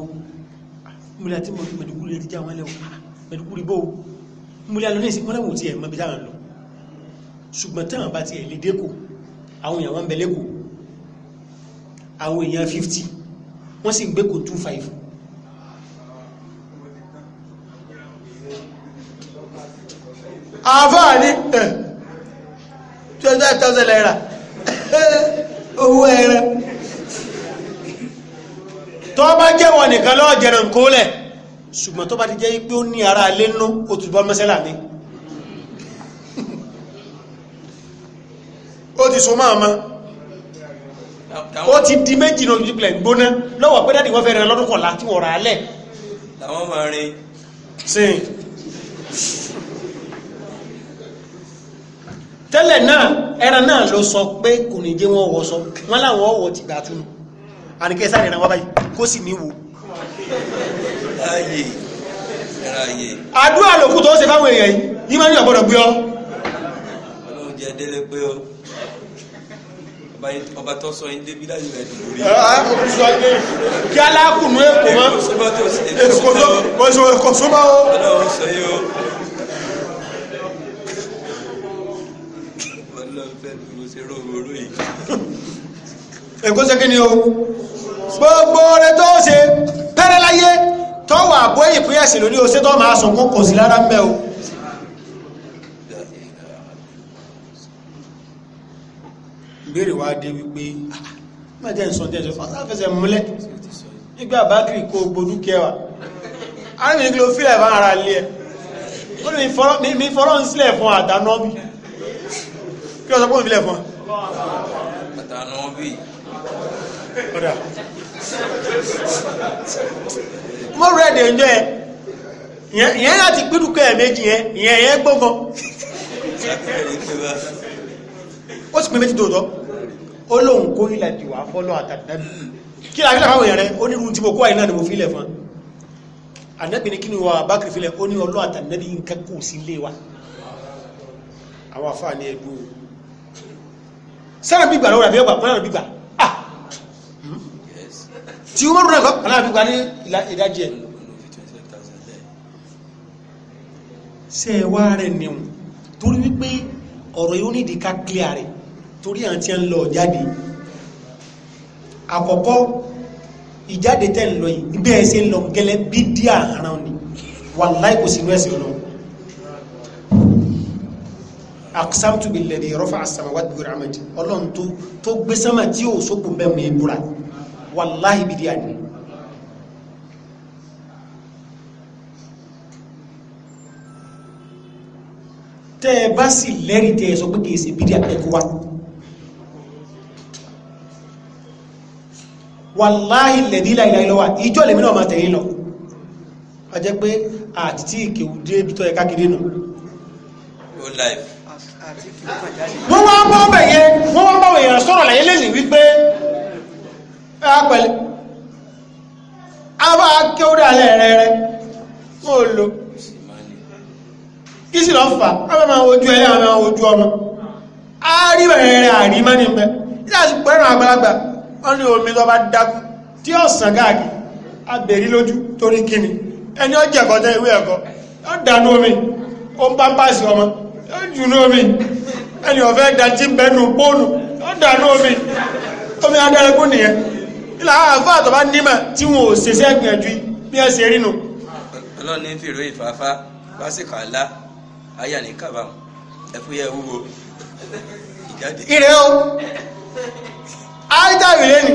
múlẹ̀ àti mọ̀ mẹ̀dùkúrì ti já wọn lẹ́wọ̀ ah, mẹ̀dùkúrì bó múlẹ̀ àlọ́ nìsí wọ́n lẹ́wọ̀ tí ẹ̀ mọ̀bí táwọn lọ ṣùgbọ́n táwọn bá ti ẹ̀lẹ́ dẹ́kù àwọn èèyàn wọn bẹ̀lẹ́kù àwọn èèyàn 50 wọ́n sì ń gbé kò 25 àfáà ní ẹ̀ eh, 25,000 naira owó ẹran tó bá jẹ́ wọn nìkan lọ́ọ̀ jẹ̀rẹ̀ ńkó lẹ̀ ṣùgbọ́n tó bá ti jẹ́ pé ó ní ara ilé nú ó ti bọ́ mọ́sálà mi ó ti so máa ma ó ti di méjì náà ju plẹ̀ gbóná lọ́wọ́ pé dáàdì wọ́n fẹ́ rẹ̀ lọ́dún kọ̀ọ̀la tí wọ́n rà á lẹ̀. tẹ́lẹ̀ náà ẹran náà ló sọ pé kò ní jẹ́ wọ́n wọ́ wọ́n láwọn ọ̀wọ́ ti gbà túnú àníkẹ́ sáré ẹ̀ràn wá báyìí kó sì níwò àdúrà lòkú tó ṣe fáwọn èèyàn yìí máa ń yọ̀ gbọ́dọ̀ gbé ọ. ọlọ́run jẹ́ délé pé ọ ọba tó sọ yín débi láyé rẹ̀ lórí. kí alákùnú èkó mọ́ èkó sọ́mọ́ o. ọlọ́run sọ yìí o. ọlọ́run fẹ́ẹ́ bí mo ṣe rọ́ọ̀rọ̀ yìí èkó ṣe kí ni o gbogbo rẹ tó ṣe pẹ́rẹ́ láyé tọ́wọ́ àbọ̀ ẹ̀yìn fún ẹ̀sìn lórí oṣù tó máa sọ kó kò sí lára ń bẹ́ o. ìbéèrè wa dé wípé mẹ́jẹ̀ ń sọ díẹ̀ sọ fàṣàfẹsẹ̀ múlẹ̀ nígbà bákìrì kó gbodú kẹwà arìnrìn kí ló fílẹ̀ bá ara lé ẹ̀ ó ní mi fọ́rọ́ ń sílẹ̀ fún àtànọ́bì kí ló sọ pé òun fílẹ̀ fún àtànọ́bì mo rẹ̀ dè ń jọ ẹ ìyẹn láti gbẹdùkọ ẹ méjì yẹn ìyẹn yẹn gbọ́ngàn ó sì pé méjì tó tọ́ ó lóun kó ilẹ̀ ìwà fọ́lọ́ àtàtàbí kí láàrín àwọn èèyàn rẹ̀ ó ní irun tí mo kó àìní náà ni mo fi ilẹ̀ fún ànẹ́bì ní kí ni wà bákìrì filẹ̀ ó ní ọlọ́ àtànẹ́bì nǹkan kù sí ilé wa àwọn àfáà ní ẹgbẹ́ o sára gbígbà lọ́wọ́ àbí ọgbà pọ́nlá gbígbà tí umaru náà kọ́ aláàbí gba ní ìdájí ẹ̀ ṣe ẹ̀ wá rẹ̀ nìun torí wípé ọ̀rọ̀ yóò nídìí ká clear rẹ̀ torí àti ẹ̀ ń lọ jáde àkọ́kọ́ ìjáde tẹ́ ń lọ yìí ibẹ̀ ẹ̀ ṣe ń lọ gẹ́lẹ́ bí dí àrán ni wallahi kò sínú ẹ̀sìn lọ aksamtu billadhi rafa'a as-samawati bi-ghayri amad ọlọ́run tó gbé sánmà tí ò sókùn bẹ́ẹ̀ mú ibùra wàláhì bídíà ni te ẹ bá sì lẹ́rì tẹ́ ẹ sọ pé kìí ṣe bídíà ẹ̀kọ́ wa wàláhì lẹ̀dí láìláì lọ́wà ìjọ́ lèmi náà máa tẹ̀yìn lọ a jẹ́ pé àti tí ìkèwù dé ibi tó yẹ káàkiri nù wọ́n wá bọ́ bẹ̀yẹ wọ́n wá bọ́ bẹ̀yẹ sọ̀rọ̀ lẹ́yìn lẹ́yìn wípé ẹ ah, pẹ̀lẹ́ àwọn akéwòdà alẹ́ rẹ rẹ kó o lo kí sì lọ fà àwọn máa ojú ẹlẹ́ àwọn máa ojú ọmọ àárí bẹ̀rẹ̀ rẹ àrí má ní bẹ nígbà tí pẹ̀rọ àgbàlagbà wọn ní omi tó bá dákú tí ó sàn káàkiri abèrí lójú torí kíni ẹni ó jẹ̀kọ́ tẹ ìwé ẹ̀kọ́ ó dànù omi ó ń pápásì ọmọ ó jù ní omi ẹni ọ̀fẹ́ dájí bẹ́nu bóònù ó dànù omi omi adárakú nìyẹn ilà àfáà tó bá nímọ̀ tí wọn ò ṣe sẹ́gbìn ẹ̀jú bí ẹ ṣe rínu. ọlọ́run ní fèrè ìfàfà lásìkò àlá ayà ní kábàámù ẹ̀fúyẹ́ wúwo ìjáde. ìrẹ o àìjà ìrẹ ni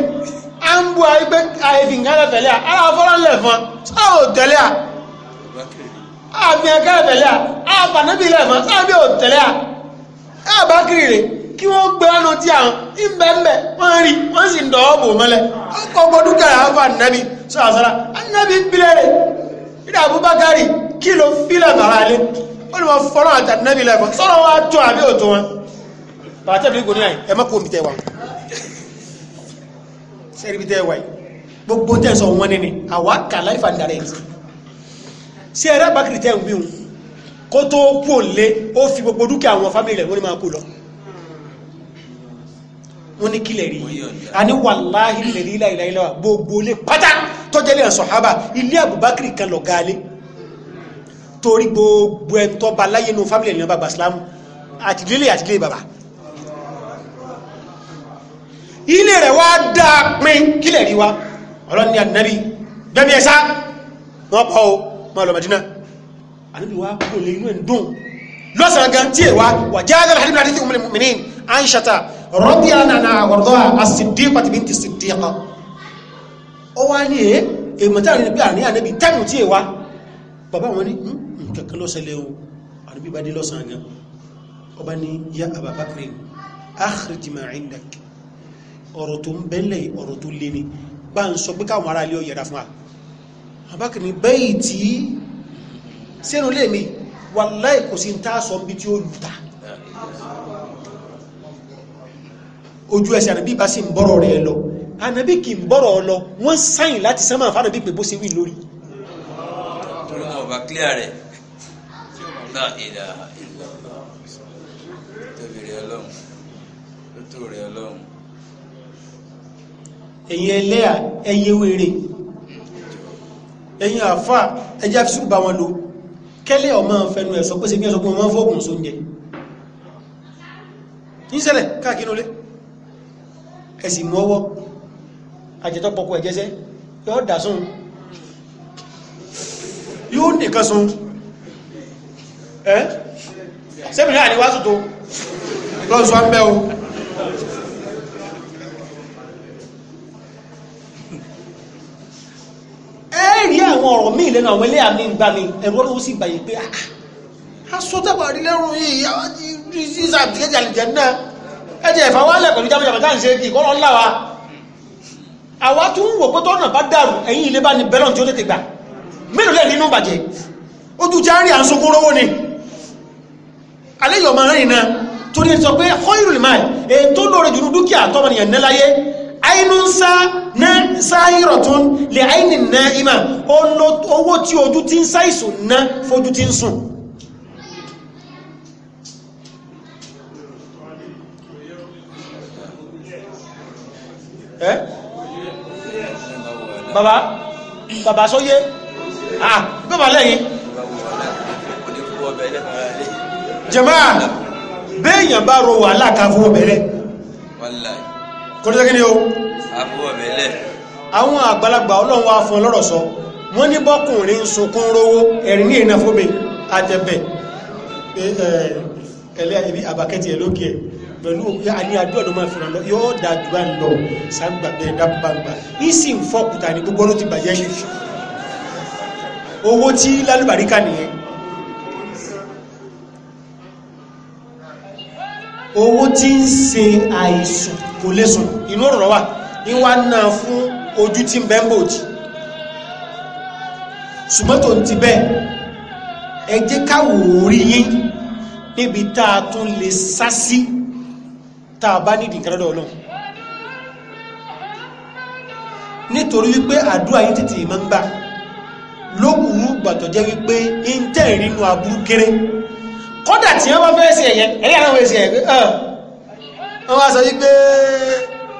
a ń bu àìpé àìfi nǹkan lẹ́fẹ̀lẹ́ à ara fọ́lọ́ ńlẹ̀ fún ọ ò tẹ̀lé à àfi nǹkan lẹ́fẹ̀lẹ́ à fún ọ sábẹ́ ò tẹ̀lé à ẹ̀ bá kiri rè kí wọ́n gbé ọ̀nà tí àwọn ìbẹ̀m̀bẹ̀ wọ́n rí wọ́n sì ń dọ̀ọ́ bò mọ́lẹ̀ ọkọ̀ ọgbọ́dún kẹrẹ àfà nẹ́bí sọ́àsọ́lá anẹ́bí bílẹ̀rẹ̀ ìdá Abubakar kí ló fílẹ̀ bàrà lé ó ní wọ́n fọ́nà àtànẹ́bí lẹ́fọ́ sọ́rọ̀ wá tó àbí òtó wọn bàtẹ́bí kò ní àyè ẹ má kó omi tẹ́ wa sẹ́rí bí tẹ́ wa yìí gbogbo tẹ́ sọ wọn ni ni àwa kà láì fà ń darẹ̀ yìí sí ẹ̀rẹ́ bàkìrì tẹ́ ń wí wọn kó tó kú òǹlé ó fi gbogbo dúkìá àwọn fámìlì rẹ̀ wọ́n ni máa kú lọ wọ́n ní kílẹ̀ rí àní wàláhì lẹ̀rí ìlàìlàìlàwà gbogbo olè pátá tọ́jẹ́lẹ̀ sọ̀hábà ilé àbúbákìrì kan lọ̀gá alẹ́ torí gbogbo ẹ̀tọ́ bá láyé nù fámílì ẹ̀lẹ́nà bàbá islamu àti lílé àti lílé bàbá ilé rẹ̀ wá dáa pín kílẹ̀ rí wa ọlọ́ni ànábì bẹ́bí ẹ̀sá wọ́n pọ̀ o mọ́ ọlọ́ Mẹ́dínà ànábì wa kò lè inú rọ́bì ànàna àwọ̀rọ̀dọ́ àsìdíkọ̀ tìbí ti sìdíkọ̀ ó wá ní eh, èé èmọ̀tá rẹ̀ bí àní ànẹ́bí tẹ́nu tí èwá bàbá wọn ní hmm, hmm, kẹ̀kẹ́ ló ṣẹlẹ̀ o ànẹ́bí bá dé lọ́sàn án gan ọba ní yá àbàbákiri áhìrìtìmọ̀ ìndàk ọ̀rọ̀ tó ń bẹ́lẹ̀ ọ̀rọ̀ tó lé ni bá ń sọ pé káwọn ará ilé ọ yẹra fún wa àbákiri ní bẹ́ẹ̀ tí sínú lé mi wàláì kò sí ń tá a sọ bí tí ó lù ta ojú ẹsẹ̀ ànábì bá sì ń bọ́rọ̀ rẹ̀ lọ ànábì kì ń bọ́rọ̀ lọ wọ́n sáyìn láti sánmà fànábì pé bó ṣe wí lórí. torí náà ọba clear rẹ̀ náà ìdá tóbi rẹ̀ ọlọ́run tó tó rẹ̀ ọlọ́run. ẹ̀yin ẹlẹ́yà ẹyẹ wèrè ẹ̀yin àfa ẹjẹ́ àfisùn bá wọn lò kẹ́lẹ́ ọmọ fẹnu ẹ̀ sọ pé ṣe kí ẹ sọ pé wọ́n máa ń fọ́ọ̀gùn sóúnjẹ. ń ṣẹlẹ̀ káàkiri olè ẹ̀sì mú ọwọ́ àjẹtọ́ pọ̀kọ̀ ẹ̀jẹ́sẹ́ yóò dà sún yóò nìkan sún ẹ́ sẹ́mìnà àríwá tó tó lọ́n sọ mẹ́ o ẹ́rí àwọn ọ̀rọ̀ míì lẹ́nu àwọn ilé àmì ìgbà mi ẹ̀rọ ló sì bàyè pé a sọ tẹ́gbà rí lẹ́rùn yìí àwọn ti rí sí ìsàbíkẹ́jà lè jẹ́ náà ẹjẹ́ ìfàwálẹ̀ pẹ̀lú jábọ̀jábọ̀ tá à ń ṣe kì kọ́lọ́ ńlá wa àwa tún ń wò pé tọ́nà bá dàrú ẹ̀yìn ilé bá ní bẹ́lọ̀n tí ó tètè gbà mélòó lẹ́ nínú bàjẹ́ ojú tí a rí àsunkún rówó ni alẹ́ yọ̀ máa rìn náà torí sọ pé hóyìnrìn máa ètò lóore jùlọ dúkìá tọ́mọnìyàn níláyé ainun sa na sáyírọ̀tún lè ainin na ima owó tí ojú ti ń sáìsùn ná fojú ti ń sùn Eh? baba bàbá bàbá sóyé ah bàbá lẹ́yìn jẹ̀mọ́ béèyàn bá ro wàhálà ká fowó bẹ̀rẹ̀ kò o àwọn àgbàlagbà ọlọ́run wa fún ọlọ́rọ̀ sọ wọ́n ní bọ́kùnrin sunkún rówó ẹ̀rin ní ìnáfómi àtẹ̀bẹ̀ ẹ̀ẹ́lẹ́ àbákẹ́tì ẹ̀ pẹ̀lú àní àdúrà ló máa fìràn lọ yóò dá àdúrà ń lọ sàgbà bẹ́ẹ̀ dábàgbà ní sì ń fọ́kùtà ní gbogbo ló ti bàjẹ́ yìí owó tí lálùbáríkà nìyẹn owó tí ń ṣe àìsùn kò lè sùn inú ọ̀rọ̀ wà ní wá náà fún ojú tí ń bẹ́ mbòjì ṣùgbọ́tò ti bẹ́ẹ̀ ẹ jẹ́ ká wò ó rí yín níbi tá a tún lè sá sí tá a bá nídìí nǹkan lọ́dọ̀ ọlọ́run nítorí wípé àdúrà yìí tètè máa ń gbà lókùnrin gbàtọ̀ jẹ́ wípé ń tẹ́ ìrìnnú aburú kéré kódà tí wọ́n bá fẹ́ ṣe ẹ̀yẹ ẹ̀yẹ àwọn èsì ẹ̀yẹ wọ́n wá sọ wípé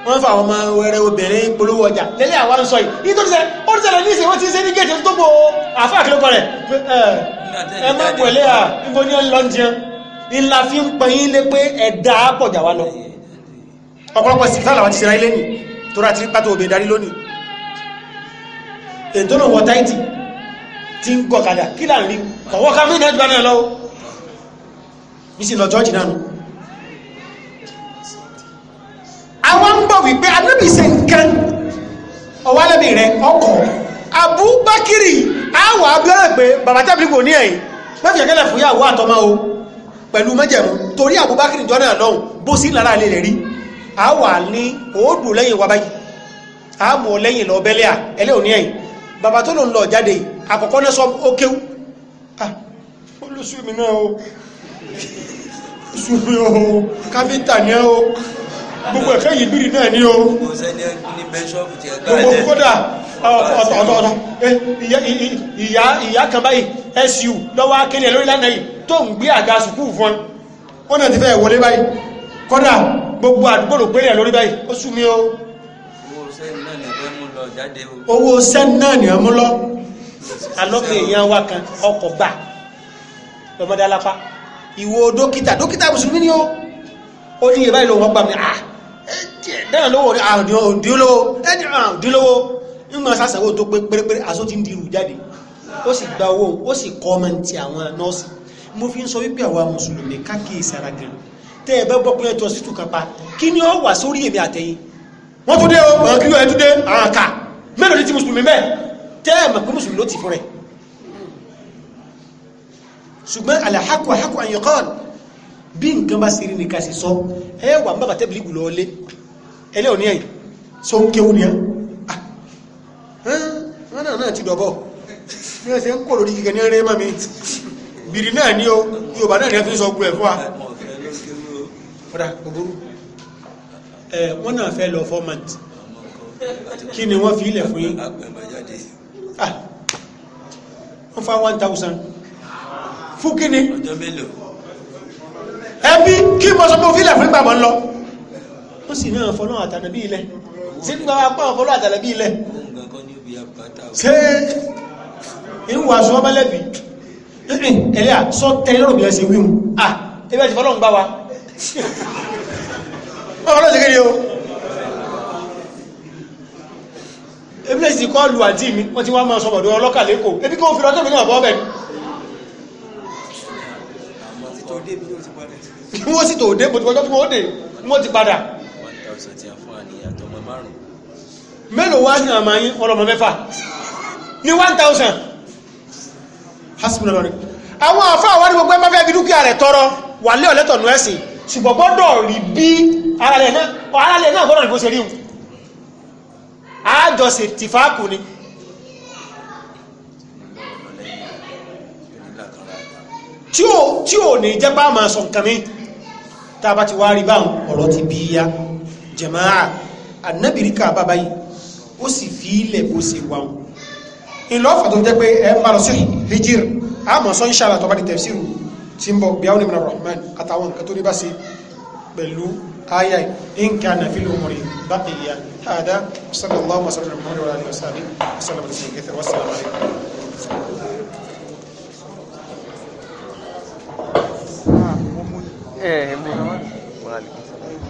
wọ́n fà ọmọ wẹrẹ obìnrin polówó ọjà lẹ́lẹ́ àwọn sọ yìí nítorí sẹ́ ó ti ṣẹlẹ̀ ní ìṣẹ́ wọ́n ti ṣe ní géètì tó gbò àfáà kí rẹ̀ ẹ má pẹ̀lẹ́ à ń bọ́ ní ọlọ́njẹ́ ńlá fi ń pẹ́yìn lé pé ẹ̀dá pọ̀jà wa lọ ọ̀pọ̀lọpọ̀ sí sáàlà wọn ti ṣe ráyé lẹ́nìí tó rà tí ń pàtó obìnrin darí lónìí ètò náà wọ táìtì tí ń gọ̀ kàdà kí là ń rí kọ̀wọ́ ká mẹ́rin ẹ̀dùn náà lọ́wọ́ bí sì lọ jọ́ọ̀jì náà nù àwọn ń bọ̀ wípé anábì nǹkan ọwálẹ́bì rẹ ọkọ̀ abúbákírì àwọn abẹ́rẹ́ bàbá tábìlì kò ní ẹ̀yìn a wà ní òòdù lẹ́yìn wa báyìí a mọ̀ lẹ́yìn lọ bẹ́lẹ́ à ẹlẹ́ òní ẹ̀yìn bàbá tó lò ń lọ jáde àkọ́kọ́ náà sọ ó kéwú olùsùnmi náà o sùnmi o káfíńtà ni o gbogbo ẹ̀kẹ́ yìí bìrì náà ni o gbogbo kódà ọ̀tọ̀ọ̀tọ̀ ìyá kan báyìí su lọ́wọ́ akéde lórí lánàá yìí tó ń gbé àga sùkúù fún ọ náà ti fẹ́ wọlé báyìí kọ́dà gbogbo àdúgbò rò pé lórí báyìí ó sú mi o owó sẹ́ni náà ni ọmú lọ alọ́pẹ̀ èèyàn wa kan ọkọ̀ gbà lọ́mọdé alápá ìwò dókítà dókítà mùsùlùmí ni ó ó ní ìyẹ̀bá ìlò wọn gbà mí à ah, dáná lówó àdìólówó àdìólówó nígbà sásàwò tó pé pérépéré aṣọ ti ń dirù jáde ó sì gba owó ó sì kọ́mẹ́ntì àwọn nọ́ọ̀sì mo fi ń sọ wípé àwa mùsùlùmí káàkiri sára gan-an tẹ́ ẹ bá gbọ́ pé ẹjọ́ sí tùkàn pa kí ni ó wà sórí èmi àtẹ̀yìn wọ́n tún dé o àwọn kí ló ẹ tún dé àwọn kà mélòó ni ti mùsùlùmí bẹ́ẹ̀ tẹ́ ẹ mọ̀ pé mùsùlùmí ló ti fún rẹ̀ ṣùgbọ́n àlàákù àhàkù àyànkán bí nǹkan bá ṣeré nìkan sì sọ ẹ wà ń bá bàtẹ́ bìlì gùlọ ọlé ẹlẹ́ òní ẹ̀yìn sọ ń kéwú ni ẹ wọn náà náà ti dọ̀bọ̀ bí wọ́n ṣe ń kó lórí kíkẹ́ ní ẹrẹ́ mọ́ mi bìrì náà ni ó Yorùbá náà ni ẹ fi ń sọ gbọ́ ẹ̀ fún wa ọ̀dà gbogbo ẹ wọ́n náà fẹ́ lọ four months kí ni wọ́n fi ilẹ̀ fún yín ah, wọ́n fa one thousand fún kí ni ẹbí kí mo sọ pé òfin ilẹ̀ fún ìgbàmọ̀ ń lọ ó sì náà fọlọ́ àtàlẹ́bí ilẹ̀ sí ní gbàgbà pọ̀ fọlọ́ àtàlẹ́bí ilẹ̀ ṣé ìwà sọ́ọ́bẹ̀lẹ́bí ẹ̀lẹ́à sọ́tẹ́ lọ́rùn bí ẹ ṣe wíwù ah ẹgbẹ́ ti fọlọ́ ń gbá wa ọmọ náà ṣe kéde o ebi lè sì kọ́ lu àti mi wọ́n ti wá máa sọmọ̀dọ̀ ọlọ́kà lẹ́kọ̀ọ́ ebi kí wọ́n fi lọ́tọ́ mi náà bọ́ bẹ̀ ni wọ́n sì tó dé bó ti wọ́n tó wọ́n dé wọ́n ti padà mélòó wá ní àmà yín ọlọ́mọ mẹ́fà ní 1000 hasbunallah àwọn àfáà wá ní gbogbo ẹgbẹ́ fi dúkìá rẹ̀ tọrọ wà lé ọ̀lẹ́tọ̀nù ẹ̀sìn ṣùgbọ́n gbọ́dọ̀ rí bí aralẹ̀ náà gbọ́dọ̀ rí bó ṣe rí hùn àjọṣe tìfáàkù ni tí ò ní jẹ́ bá máa sọ nǹkan mi tá a bá ti wá rí báwọn ọ̀rọ̀ ti bí ya jẹ̀máà ànábìríkà bàbá yìí ó sì fi ilẹ̀ bó ṣe wà wọn ìlọ́fà tó jẹ́ pé ẹ ń bá lọ sí hijir àmọ́ sọ ń ṣàlàtọ̀ bá di tẹ̀síìrù tí ń bọ̀ bí áwọn ìmìnà rahman àtàwọn nǹkan tó ní bá sí pẹ̀lú ayay in kana fil umri baqiya hada sallallahu alaihi wa sallam wassalamu alaikum Eh, bueno, bueno,